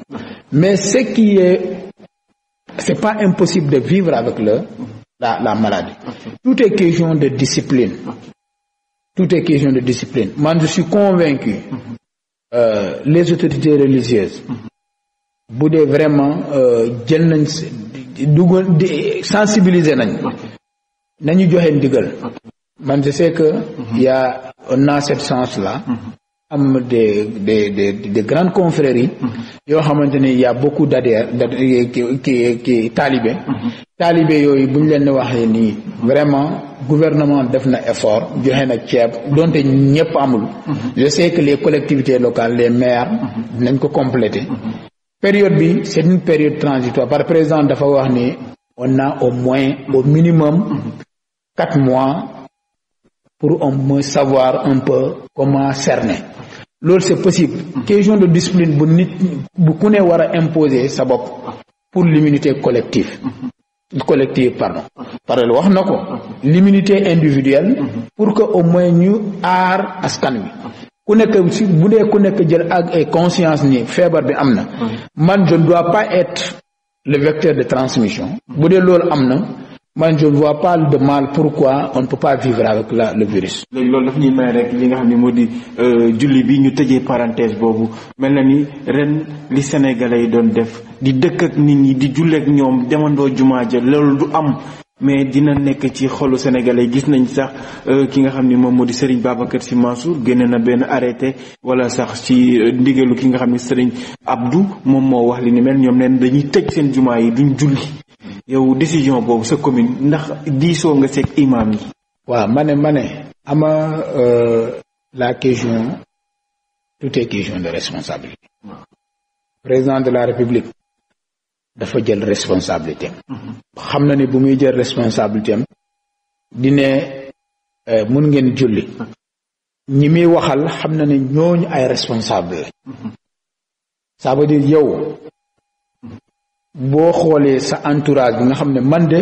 mais ce qui est c'est pas impossible de vivre avec le la la maladie okay. tout de discipline tout est question de discipline man je suis convaincu mhm. euh, les autorités religieuses bu dee vraiment euh, jël nañ dugal sensibiliser nañ nañu joxe ndigal man je sais que mhm. y a on a cette chance là mhm. am des des des des grandes confréries mhm. yoo xamante ne a beaucoup d'adhérents ki ki taalibe taalibe yooyu bu ñu leen waxee nii vraiment gouvernement def na effort joxe na ceeb donte ñëpp amul je sais que les collectivités locales les maires nañ ko compléter période bi c'est une période transitoire par président dafa wax ni on a au moins au minimum quatre mois pour on peut savoir un peu comment cerner loolu c'est possible question de discipline bu nit bu ku ne war a imposer sa bopp pour l'immunité collective collective pardon parole wax na ko l'immunité individuelle pour que au moins ñu aar askan wi ku nekk bu dee ku nekk jël ak ay conscience ni feebar bi am na man je ne dois pas être le vecteur de transmission bu dee loolu am na man je ne vois pas de mal pourquoi on ne peut pas vivre avec la le virus. loolu daf ñuy may rek li nga xam ne moo di euh, julli bi ñu tëjee parenthèse boobu mel na ni ren li sénégalais yi doon def di dëkk ak nit ñi di julli ñoom demandoo jumaa ja loolu du am mais dina nekk ci xolu sénégalais gis nañ sax euh, ki nga xam ni moom moo di Serigne Babacar Sy Mansour génnee na benn arrêté wala sax ci euh, ndigalu ki nga xam ni Serigne Abdou moom moo wax li ni mel ñoom neen dañuy tëj seen jumaa yi duñ julli. yow décision boobu sa commune ndax diisoo nga seeg imam yi. waaw ma mane ma ne. ama euh, la question tout question de responsabilité. président de la république. dafa jël responsabilité mm-hmm. xam na ni bu muy jël responsabilité am di ne euh, mun ngeen julli ñi muy waxal xam na ni ñooñu ay responsable la mm-hmm. yow boo xoolee sa entourage bi nga xam ne man de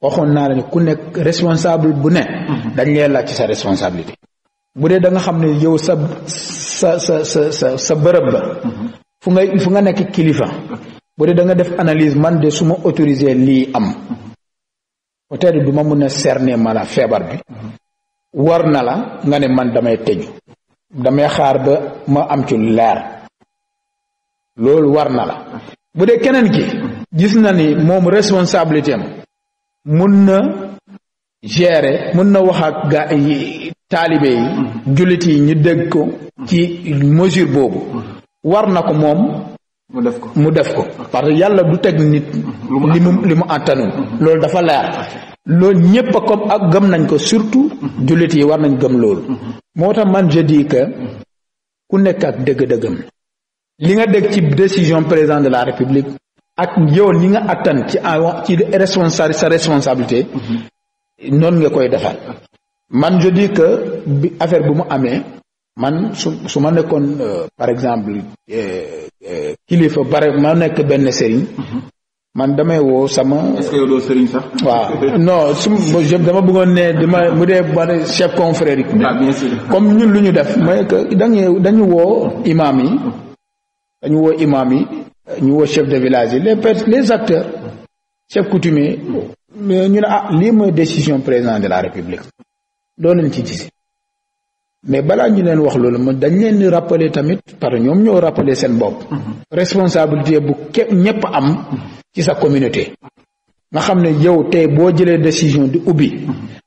waxoon naa la ne ku nekk responsable bu ne dañ lay laaj ci sa responsabilité bu dee da xam ne yow sa sa sa sa sa sa bërëb ba fu nga fu nga nekk kilifa bu dee da def analyse man de su ma autorisé lii am peut-être du ma mun a cerner maanaam feebar bi war na la nga ne man damay tëju damay xaar ba ma am ci leer loolu war na la bu dee keneen ki gis na ni moom responsabilité am mun na gérer mun na wax ak ga taalibe yi jullit yi ñu dégg ko ci mesure boobu war na ko moom mu def ko mu def ko parce que yàlla du teg nit li mu li mu àttanul mm-hmm. loolu dafa leer loolu ñépp a comme ak gëm nañ ko surtout mm-hmm. jullit yi war nañ gëm loolu mm-hmm. moo tax man je dis que ku nekk ak dëgg-dëggam li nga dégg ci décision président de la république ak yow li nga attan ci ci responsa sa responsabilité noonu nga koy defal man je que bi affaire bu mu amee man su su ma nekkoon euh, par exemple euh, euh, kilifa bari ma nekk benn sëriñ man damay woo sama. est-ce que yow doo su dama bëggoon ne dama mu dee ba chef confrère yi. Ah, comme ñun lu ñu def mooy que dañu dañu woo imaam yi. dañu woo imam yi ñu woo chef de village yi les les acteurs chefs coutumiers ñu ne ah lii mooy décision président de la république doon nañ ci gis mais balaa ñu leen wax loolu man dañ leen di rappeler tamit par ñoom ñoo rappeler seen bopp. responsabilité bu képp ñëpp am ci sa communauté. nga xam ne yow tey boo jëlee décision di ubbi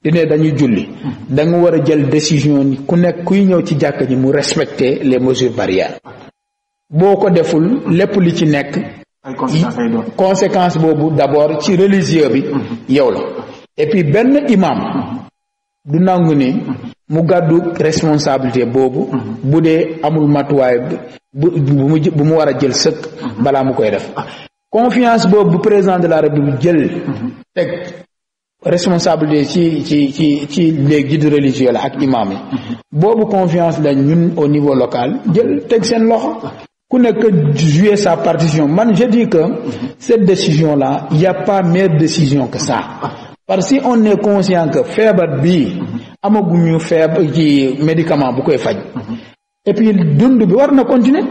di ne dañuy julli da nga war a jël décision ku nekk kuy ñëw ci jàkka ji mu respecter les mesures barrières. boo ko deful lépp li ci nekk conséquence boobu d'abord ci religieux bi mhm. yow la et puis benn imam mhm. du nangu ni mu gàddu responsabilité boobu mhm. bu dee amul matuwaay bu mu war a jël sëkk balaa mu koy def ah. confiance boobu bu président de la république jël teg responsabilité ci ci ci ci les guides religieux la ak imam yi boobu confiance la au niveau local jël teg seen loxo ku nekk jouer sa partition man je dis que cette décision la il y pas meilleure décision que ça parce que on est conscient que feebar bi amaguñu feebar ji médicament bu koy faj et puis bi war na continuer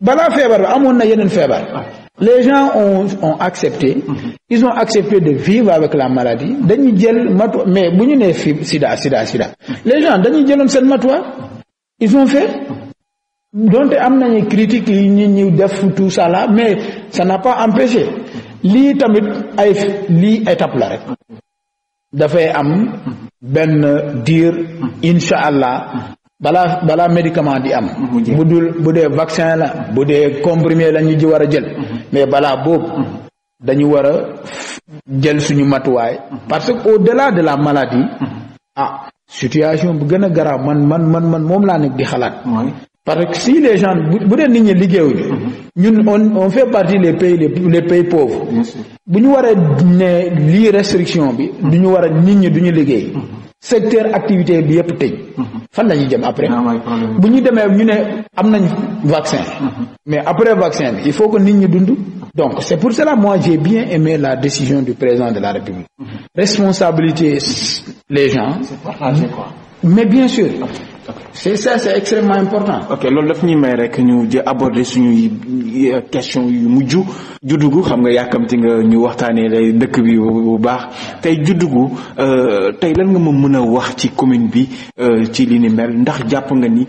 balaa feebar bi amoon na yeneen feebar les gens ont ont accepté ils ont accepté de vivre avec la maladie dañu jël matu mais bu ñu nee fi sida sida sida les gens dañu jëloon seen matuwaay ils ont fait donte am nañu critique yi nit ñi def tout ça là mais ça n'a pas empêché lii tamit ay lii étape la rek dafay am benn diir incha allah balaa balaa médicament di am bu dul bu dee vaccin la bu dee comprimé la ñu ji war a jël mais balaa boobu dañu war a jël suñu matuwaay parce que au delà de la maladie ah situation bu gën a garaaw man man man man moom laa nekk di xalaat parce que si les gens bu dee nit ñi liggéeyuñu mhm. ñun on on fait partie les pays les pays pauvres bu ñu waree a ne lii restriction bi mhm. du ñu war a nit ñi du ñu liggéey mhm. secteur activité bi yëpp tëj fan la ñuy jëm après ah, bu ñu demee ñu ne am nañ vaccin mais après vaccin bi il faut que nit ñi dund donc c'est pour cela moi j'ai bien aimé la décision du président de la République responsabilité les gens c'est partagé quoi mais bien sûr c'est ça c'est extrêmement important. ok loolu daf ñuy may rek ñu jë aborder suñuy euh, question yu mujj juddugu xam nga yàkkamti nga ñu waxtaanee lay dëkk bi bu baax tey juddugu euh, tey lan nga ma mën a wax ci commune bi euh, ci li ni mel ndax jàpp nga ni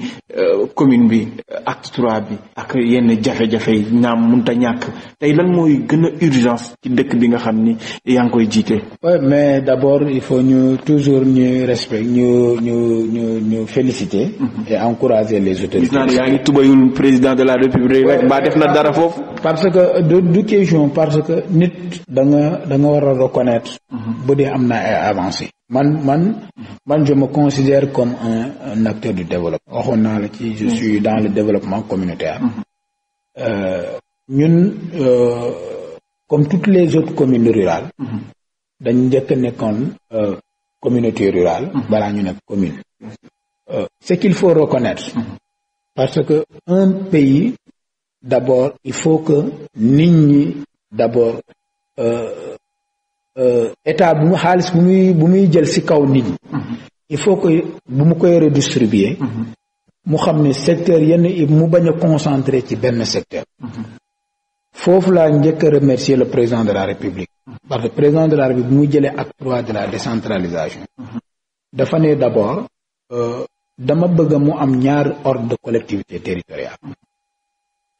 commune bi acte trois bi ak yenn jafe-jafe yi naam mënta ñàkk tey lan mooy gën a urgence ci dëkk bi nga xam ni yaa ngi koy jiite. mais d'abord il faut ñu toujours ñu respect ñu ñu ñu ñu féliciter féliciter. et encourager les autorités. gis tubayul président de la république rek ba def na dara foofu. parce que du du question parce que nit. da nga da war a reconnaître. Mhm. bu dee am na ay man man man je me considère comme un un acteur du développement. waxoon naa ci je le développement communautaire. Mhm. Euh, ñun euh, comme toutes les autres communes rurales. Mhm. dañ njëkk nekkoon euh, communauté rurale. balaa ñu nekk commune. Euh, ce qu'il faut reconnaître parce que un pays d'abord il faut que nit ñi d'abord euh, euh, état bu mu xaalis bu muy bu muy jël ci kaw nit ñi il faut que bu mu koy redistribuer mu xam ni secteur yenn mu bañ a concentrer ci benn secteur foofu laa njëkk a remercier le président de la république parce que président de la république bu muy jëlee acte trois de la décentralisation dafa ne d'abord dama bëgg mu am ñaar ordre de collectivité territoriale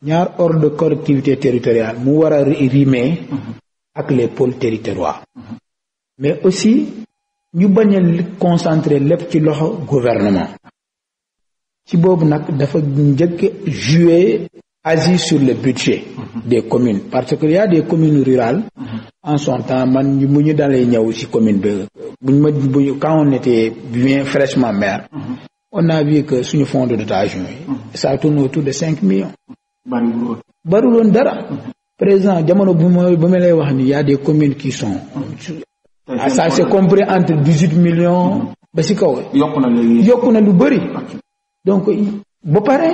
ñaar ordre de collectivité territoriale mu war a rimer ak les pôles territoriaux mais aussi ñu bañ a lépp ci loxo gouvernement ci boobu nag dafa njëkk jouer agir sur le budget des communes parce que y a des communes rurales en son temps man mu ñu dalee ñëw ci commune bi buñ ma buñu quand on était bien on naa vu que suñu fond de dotation yi mm-hmm. ça tourne autour de cinq millions baruloon dara mm-hmm. président jamono bu ma ma lay wax ni y a des communes qui sont mm-hmm. ah ça c'est entre dix huit millions ba si kaw yokku na lu bëri donc ba pare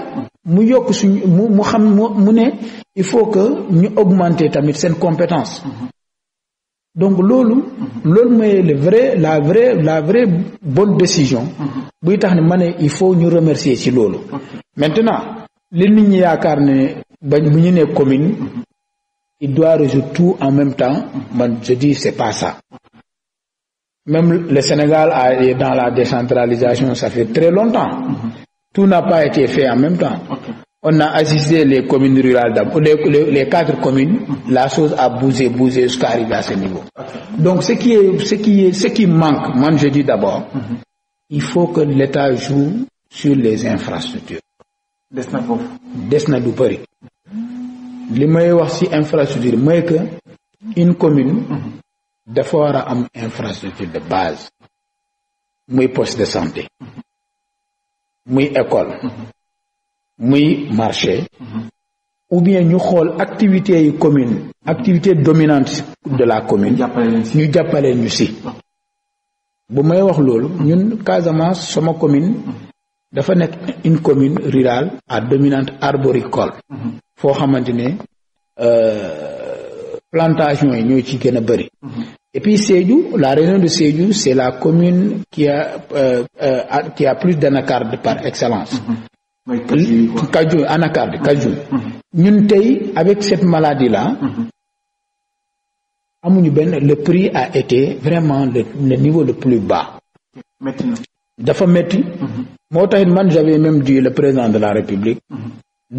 mu yokk suñu mu mu xam mu ne il faut que ñu augmenter tamit seen compétence donc loolu loolu mooy le vrai la vraie la vraie bonne décision buy tax ne ma ne il faut ñu remercier ci loolu maintenant li nit ñi yaakaar ne ba bu ñu nee commune il doit résoudre tout en même temps man je dis c'est pas ça même le Sénégal a dans la décentralisation ça fait très longtemps tout n'a pas été fait en même temps on a assisté les communes rurales, les, les, les, quatre communes, la chose a bougé, bougé jusqu'à arriver à ce niveau. Okay. Donc ce qui, est, ce, qui est, manque, moi je d'abord, mm-hmm. il faut que l'État joue sur les infrastructures. Desna foofu. Desna du bëri. li may wax ci infrastructure mooy que une commune. Mm-hmm. dafa war a am infrastructure de base. muy poste de santé. Mm-hmm. muy école. muy marché ou bien ñu xool activités yi commune activité dominante de la commune ñu jàppale ñu si bu may wax loolu ñun Casamance sama commune dafa nekk une commune rurale à dominante arboricole foo xamante ne euh, plantation yi ñoo ci gën a bëri et puis la région de Sédhiou c'est la commune qui a euh, euh, qui a plus d'anacarde par excellence mooy kaju hmm? anacarde kaju hmm. ñun tey avec cette maladie là. Hmm. amuñu benn le prix a été vraiment le, le niveau le plus bas. dafa métti. moo taxit man j'avais même dit le président de la république.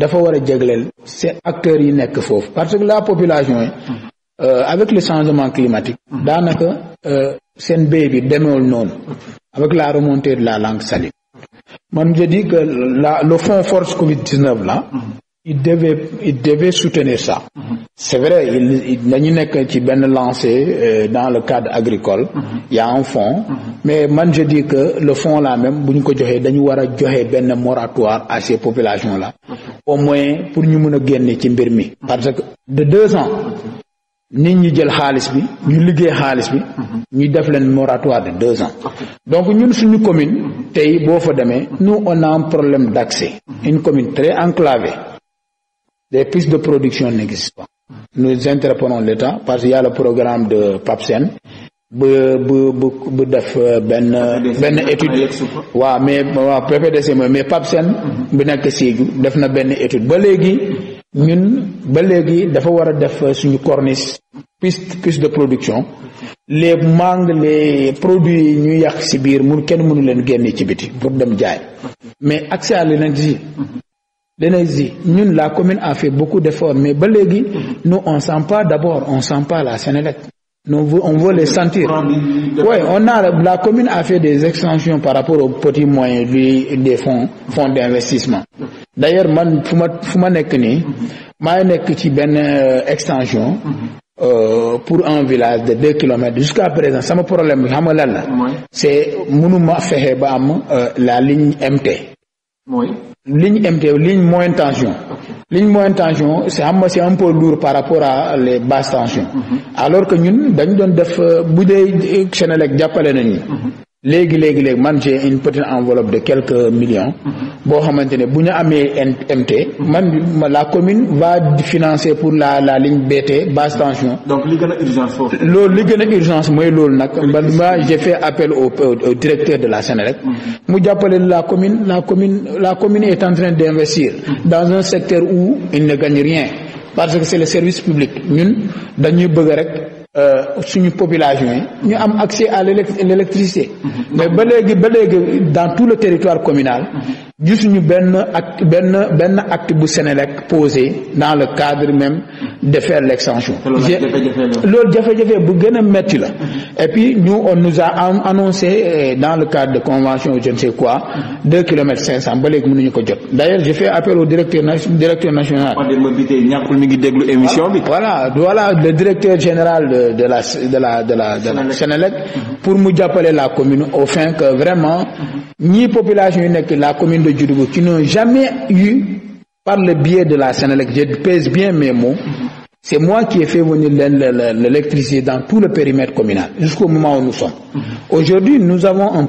dafa war a jégleel ces acteurs yi nekk foofu parce que la population yi. Euh, avec le changement climatique. daanaka euh, seen béy bi demeewul noonu. avec la remontée de la langue saline. Man, je dis que le fonds force Covid-19, là, mm -hmm. il, devait, il devait soutenir ça. Mm C'est vrai, il, il n'y a que qui bien lancé euh, dans le cadre agricole. Mm -hmm. Il y a un fonds. Mhm. Mais man, je dis que le fonds là même, si nous avons un moratoire à ces populations la au moins pour ñu nous gagner mhm. Parce que de deux ans, nit ñi jël xaalis bi ñu liggéey xaalis bi mhm. ñu def leen moratoire de deux ans donc ñun suñu commune mhm. tey boo fa demee mhm. nous on a problème d'accès une commune très enclavée des pistes de production n'existent pas nous interpellons l'État parce qu'il y programme de PAPSEN bu bu bu def euh, benn benn étude waa mais waaw PPDC mooy mais PAPSEN bu nekk Sédhiou def na benn étude ba léegi ñun ba léegi dafa war a def suñu corniche piste piste de production les mangues les produits yi ñuy yàq si biir mun kenn mënu leen génne ci biti pour dem jaay mais accès à l'énergie l'énergie ñun la commune a fait beaucoup d'efforts mais ba léegi nu on sent pas d'abord on sent pas la Sénélec on veut, on veut les sentir oui on a la commune a fait des extensions par rapport aux petits moyens des fonds fonds d'investissement d'ailleurs man fu ma fu ma nekk nii maa nekk ci benn euh, extension euh, pour un village de deux kilomètres jusqu'à présent sama problème bi xam nga lan la c'est mënuma fexe ba am euh, la ligne MT ligne MT ligne moyenne tension ligne moyenne tension c'est xam nga c'est un peu lourd par rapport à les basses tensions mm-hmm. alors que ñun dañ doon def bu dee Senelec jàppale nañu mm-hmm. léegi léegi léegi man j'ai une petite enveloppe de quelques millions mm-hmm. bo xamante ne bu ñu amee MT mm-hmm. man la commune va financer pour la la ligne BT basse tension donc li gën a urgence foofu loolu li gën a urgence mooy loolu nag man ma j'ai fait appel au, directeur de la rek mm-hmm. mu jàppale la commune la commune la commune est en train d'investir dans un secteur où il ne gagne rien parce que c'est le service public ñun dañuy bëgg rek Euh, suñu population yi ñu am accès à l'électricité mm-hmm. mais ba léegi ba léegi dans tout le territoire communal mm-hmm. gisuñu benn benn benn bu Sénélec posé dans le cadre même de faire l'extension lool jafe-jafe bu gën a metti la mhm. et puis nous on nous a annoncé eh, dans le cadre de convention je ne sais quoi mhm. deux kilomètres cinq cent ba léegi mënuñu ko jot d'ailleurs j'ai fait appel au directeur directeur national ñàkkul déglu émission bi voilà voilà le directeur général de la de la de la de la mhm. pour mu jàppale la commune au fin que vraiment ñi population yi nekk la commune de judobo qui n'ont jamais eu, par le biais de la Sénélec, je pèse bien mes mots, c'est moi qui ai fait venir ou dans tout le périmètre communal, jusqu'au moment où nous sommes. Mm -hmm. Aujourd'hui, nous avons un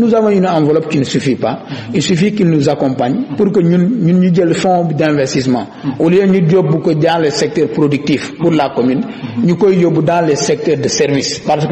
nous avons une enveloppe qui ne suffit pas. Il suffit qu'ils nous accompagnent pour que nous, nous, nous le fonds d'investissement. Mm -hmm. Au lieu de nous beaucoup dans secteur productif pour la commune, nous sommes dans le secteur de services. Parce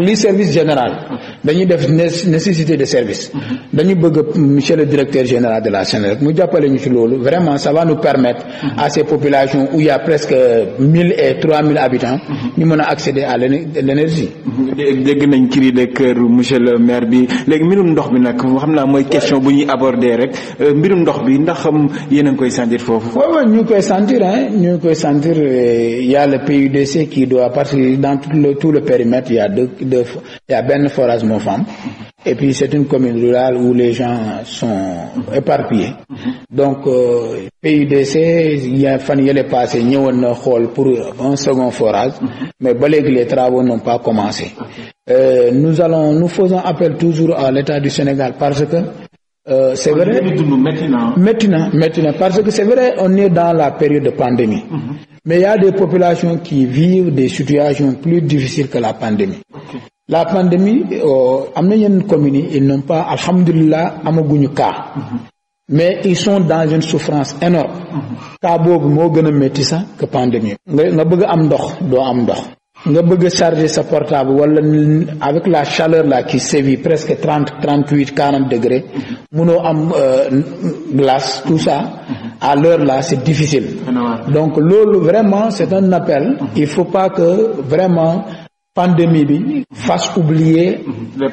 dañuy def nécessité de service mm-hmm. dañu bëgg monsieur le directeur général de la rek mu jàppale ñu si loolu vraiment ça va nous permettre mm-hmm. à ces populations où il presque mille et trois mille habitants mm-hmm. ñu mën a accéder à l'énergie dégg nañ cri de cœur monsieur le maire bi léegi mbirum ndox bi nag xam naa mooy question bu ñuy aborder rek euh, mbirum ndox bi ndax yéen a ngi koy sentir foofu waaw ñu koy sentir ah ñu ngi koy sentir il euh, y a le PUDC qui doit partir dans tout le tout le périmètre a deux deux il moo fa am et puis c'est une commune rurale où les gens sont éparpillés donc euh, PUDC ya fan yële passé ñëwoon na xool pour un second forage mais ba léegi les travaux n'ont pas commencé euh, nous faisons appel toujours à l'État du Sénégal parce que euh, c'est vrai na métti na parce que on est dans la période de pandémie mhm. mais il y a des populations qui vivent des situations plus difficiles que la pandémie la pandémie euh, am na yenn communes yi ils n'ont pas alhamdulilah amaguñu cas mais ils sont dans une souffrance énorme cas boobu moo gën a métti sax que pandémie nga nga bëgg am ndox doo am ndox nga bëgg a charger sa portable wala avec la chaleur la ki sévit presque trente trent huit quarante degré munoo am euh, glace tout ça à l'heure la c'est difficile donc loolu vraiment c'est un appel il faut pas que vraiment pandémie bi fasse oublier mhm. les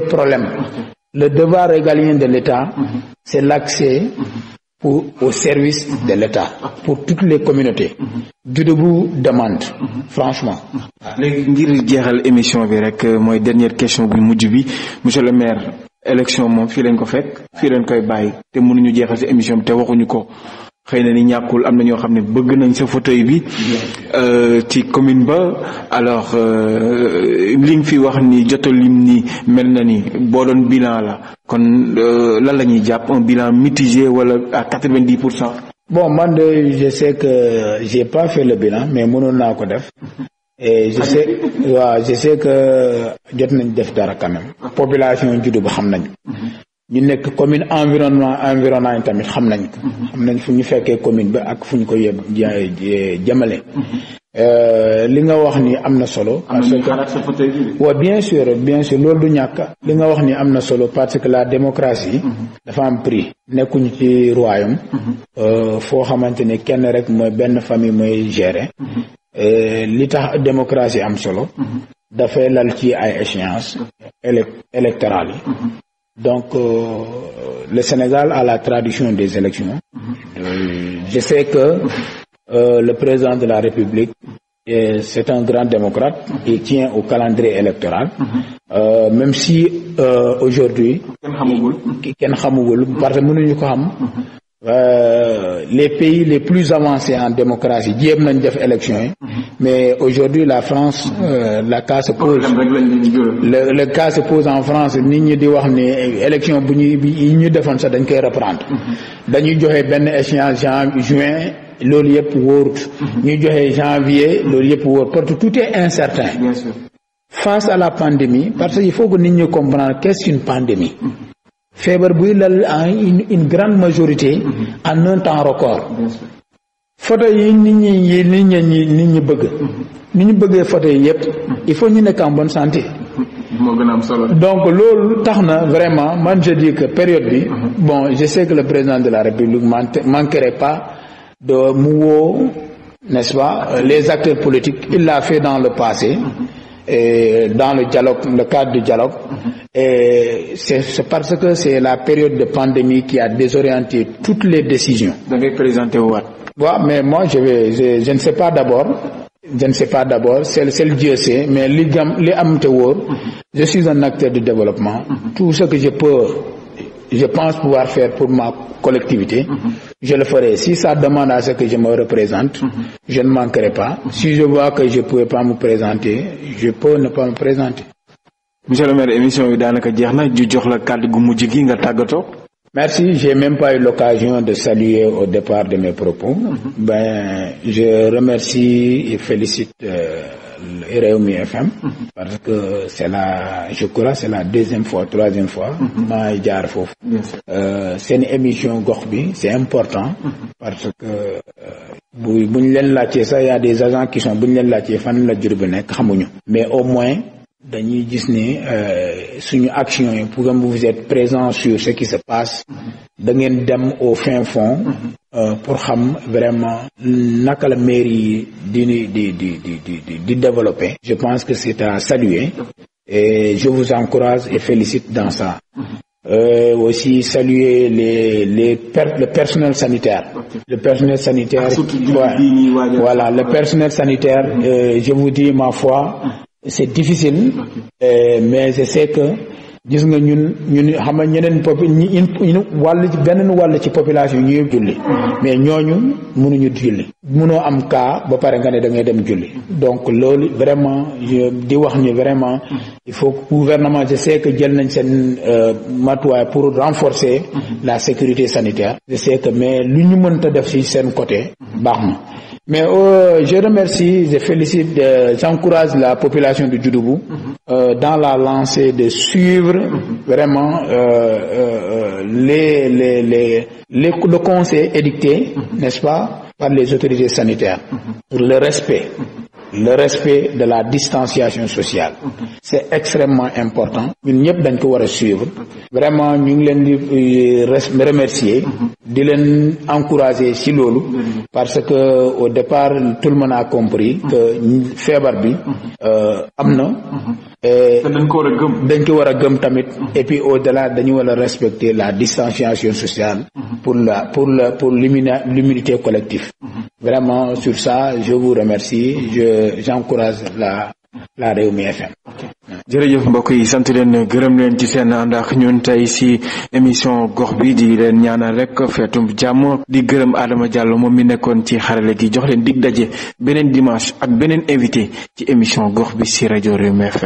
problèmes, euh, problèmes. le devoir régalien de l'État mhm. c'est l'accès mhm. pour au service de l'État ah. pour toutes les communautés Debout demande franchement ah. léegi ngir jeexal émission bi rek euh, mooy dernière question bu mujj bi monsieur le maire élection moom fii lañ ko fekk fii lañ koy bàyyi te mënuñu jeexal ci émission bi te waxuñu ko xëy na ni ñàkkul am na ñoo xam ne bëgg nañ sa fauteuil bi euh, ci commune ba alors euh, li nga fi wax ni jota lim ni mel na ni boo doon bilan la kon euh, lan la ñuy jàpp un bilan mitigé wala à quatre-vingt-dix pour cent. bon man de je sais que j'ai pas fait le bilan mais mënoon naa ko def. et je sais que jot nañ def dara quand même ah. population xam nañ mm-hmm. ñu nekk commune environnement environnement tamit xam nañ ko mhm. nañ fu ñu fekkee commune ba ak fu ñu ko yeb jëmale mhm. euh, li nga wax ni am na solo parce bien sûr bien sûr loolu du ñàkk li nga wax ni am na solo parce que la démocratie mhm. dafa am prix nekkuñu ci royaume euh, foo xamante ni kenn rek mooy benn famille mooy gérer euh, li tax démocratie am solo dafay lal ci ay échéance électorale Donc, euh, le Sénégal à la tradition des élections. Euh, je sais que euh, le président de la République, c'est un grand démocrate et tient au calendrier électoral. Euh, même si euh, aujourd'hui, Ken Hamoul, parce que Euh, les pays les plus avancés en démocratie jéem nañu def élection yi mhm. mais aujourd'hui la France mhm. euh, la cas se pose le le pose en France nit ñi di wax ni élection bu ñuy yi ñu defoon sax dañ koy reprendre mhm. dañuy joxe benn échéance en juin loolu yëpp wóorut ñu joxe janvier loolu yëpp wóorut parce que tout est incertain face à la pandémie parce que il faut que nit ñi comprendre qu'est-ce qu'une pandémie feebar buy lal en une grande majorité mhm. en un temps record photo yi nit ñi yi ñi nit ñi bëgg mhm. ni ñu bëggee photo yi yëpp mhm. il faut ñu nekk en bonne santé moo donc loolu tax na vraiment man je dis que période bi bon je sais que le président de la république manquerait pas de mu woo n'est-ce pas les acteurs politiques il l'a fait dans le passé et euh, dans le dialogue, le cadre du dialogue. Mm-hmm. Et euh, c'est parce que c'est la période de pandémie qui a désorienté toutes les décisions. Vous avez présenté mais moi, je, vais, je, je ne sais pas d'abord. Je ne sais pas d'abord, c'est mais Dieu sait, mais les je suis un acteur de développement. Mm-hmm. Tout ce que je peux je pense pouvoir faire pour ma collectivité, mm -hmm. je le ferai. Si ça demande à ce que je me représente, mm -hmm. je ne manquerai pas. Mm-hmm. Si je vois que je pouvais pas me présenter, je peux ne pas me présenter. monsieur le émission bi daanaka jeex na ju jox la kàddu gu mujj gi nga tàggatoo. merci j'ai même pas eu l'occasion de saluer au départ de mes propos. Mm-hmm. ben je remercie et félicite. Euh, Euh, Réwmi FM. parce que c' est la je crois c' la deuxième fois troisième fois. maay jaar foofu. Euh, seen émission gox bi c' est important. parce que euh, bu bu ñu leen laajtee sax y' des agents qui sont bu ñu leen laajtee fan la jur bi nekk xamuñu. mais au moins. dañuy gis ne euh, suñu action yi pour que vous êtes présent sur ce qui se passe da ngeen dem au fin fond euh, pour xam vraiment naka la mairie yi di di di di di di développer je pense que c'est à saluer et je vous encourage et félicite dans ça Euh, aussi saluer les les per le personnel sanitaire okay. le personnel sanitaire ah, voilà le personnel sanitaire mm-hmm. euh, je vous dis ma foi c'est difficile eh, mais je sais que gis nga ñun ñun xam nga ñeneen pop ñu wàll beneen wàll ci population ñu yëpp julli mais ñooñu mënuñu julli mënoo am cas ba pare nga ne da ngay dem julli donc loolu vraiment di wax ni vraiment il faut que gouvernement je sais que jël nañ seen euh, matuwaay pour renforcer la sécurité sanitaire je sais que mais lu ñu mënta def ci seen côté baax na Mais euh, je remercie, je félicite, euh, la population de Djoudoubou mm euh, dans la lancée de suivre mhm. vraiment euh, euh, les, les, les, les, le conseil édicté, mm -hmm. n'est-ce pas, par les autorités sanitaires, mhm. pour le respect mhm. le respect de la distanciation sociale c'est extrêmement important ñun ñëpp dañ ko war a suivre vraiment ñu ngi leen di euh, remercier di leen encourager ci loolu parce que au départ tout le monde a compris que feebar bi euh, am na Eh, te dañ ko war a dañ ko war a gëm tamit. et puis au delà dañu war a respecter la distanciation sociale. Mm-hmm. pour la pour la pour l'immunité collective. Mm-hmm. vraiment sur ça je vous remercie je j'encourage la la Rewmi FM. jërëjëf mbokk yi sant leen gërëm leen ci seen ànd ak ñun tey si émission gox bi di leen ñaanal rek feetum jàmm di gërëm Adama jàll moom mi nekkoon ci xarale gi jox leen dig daje beneen dimanche ak beneen invité ci émission gox bi si rajo Rewmi FM.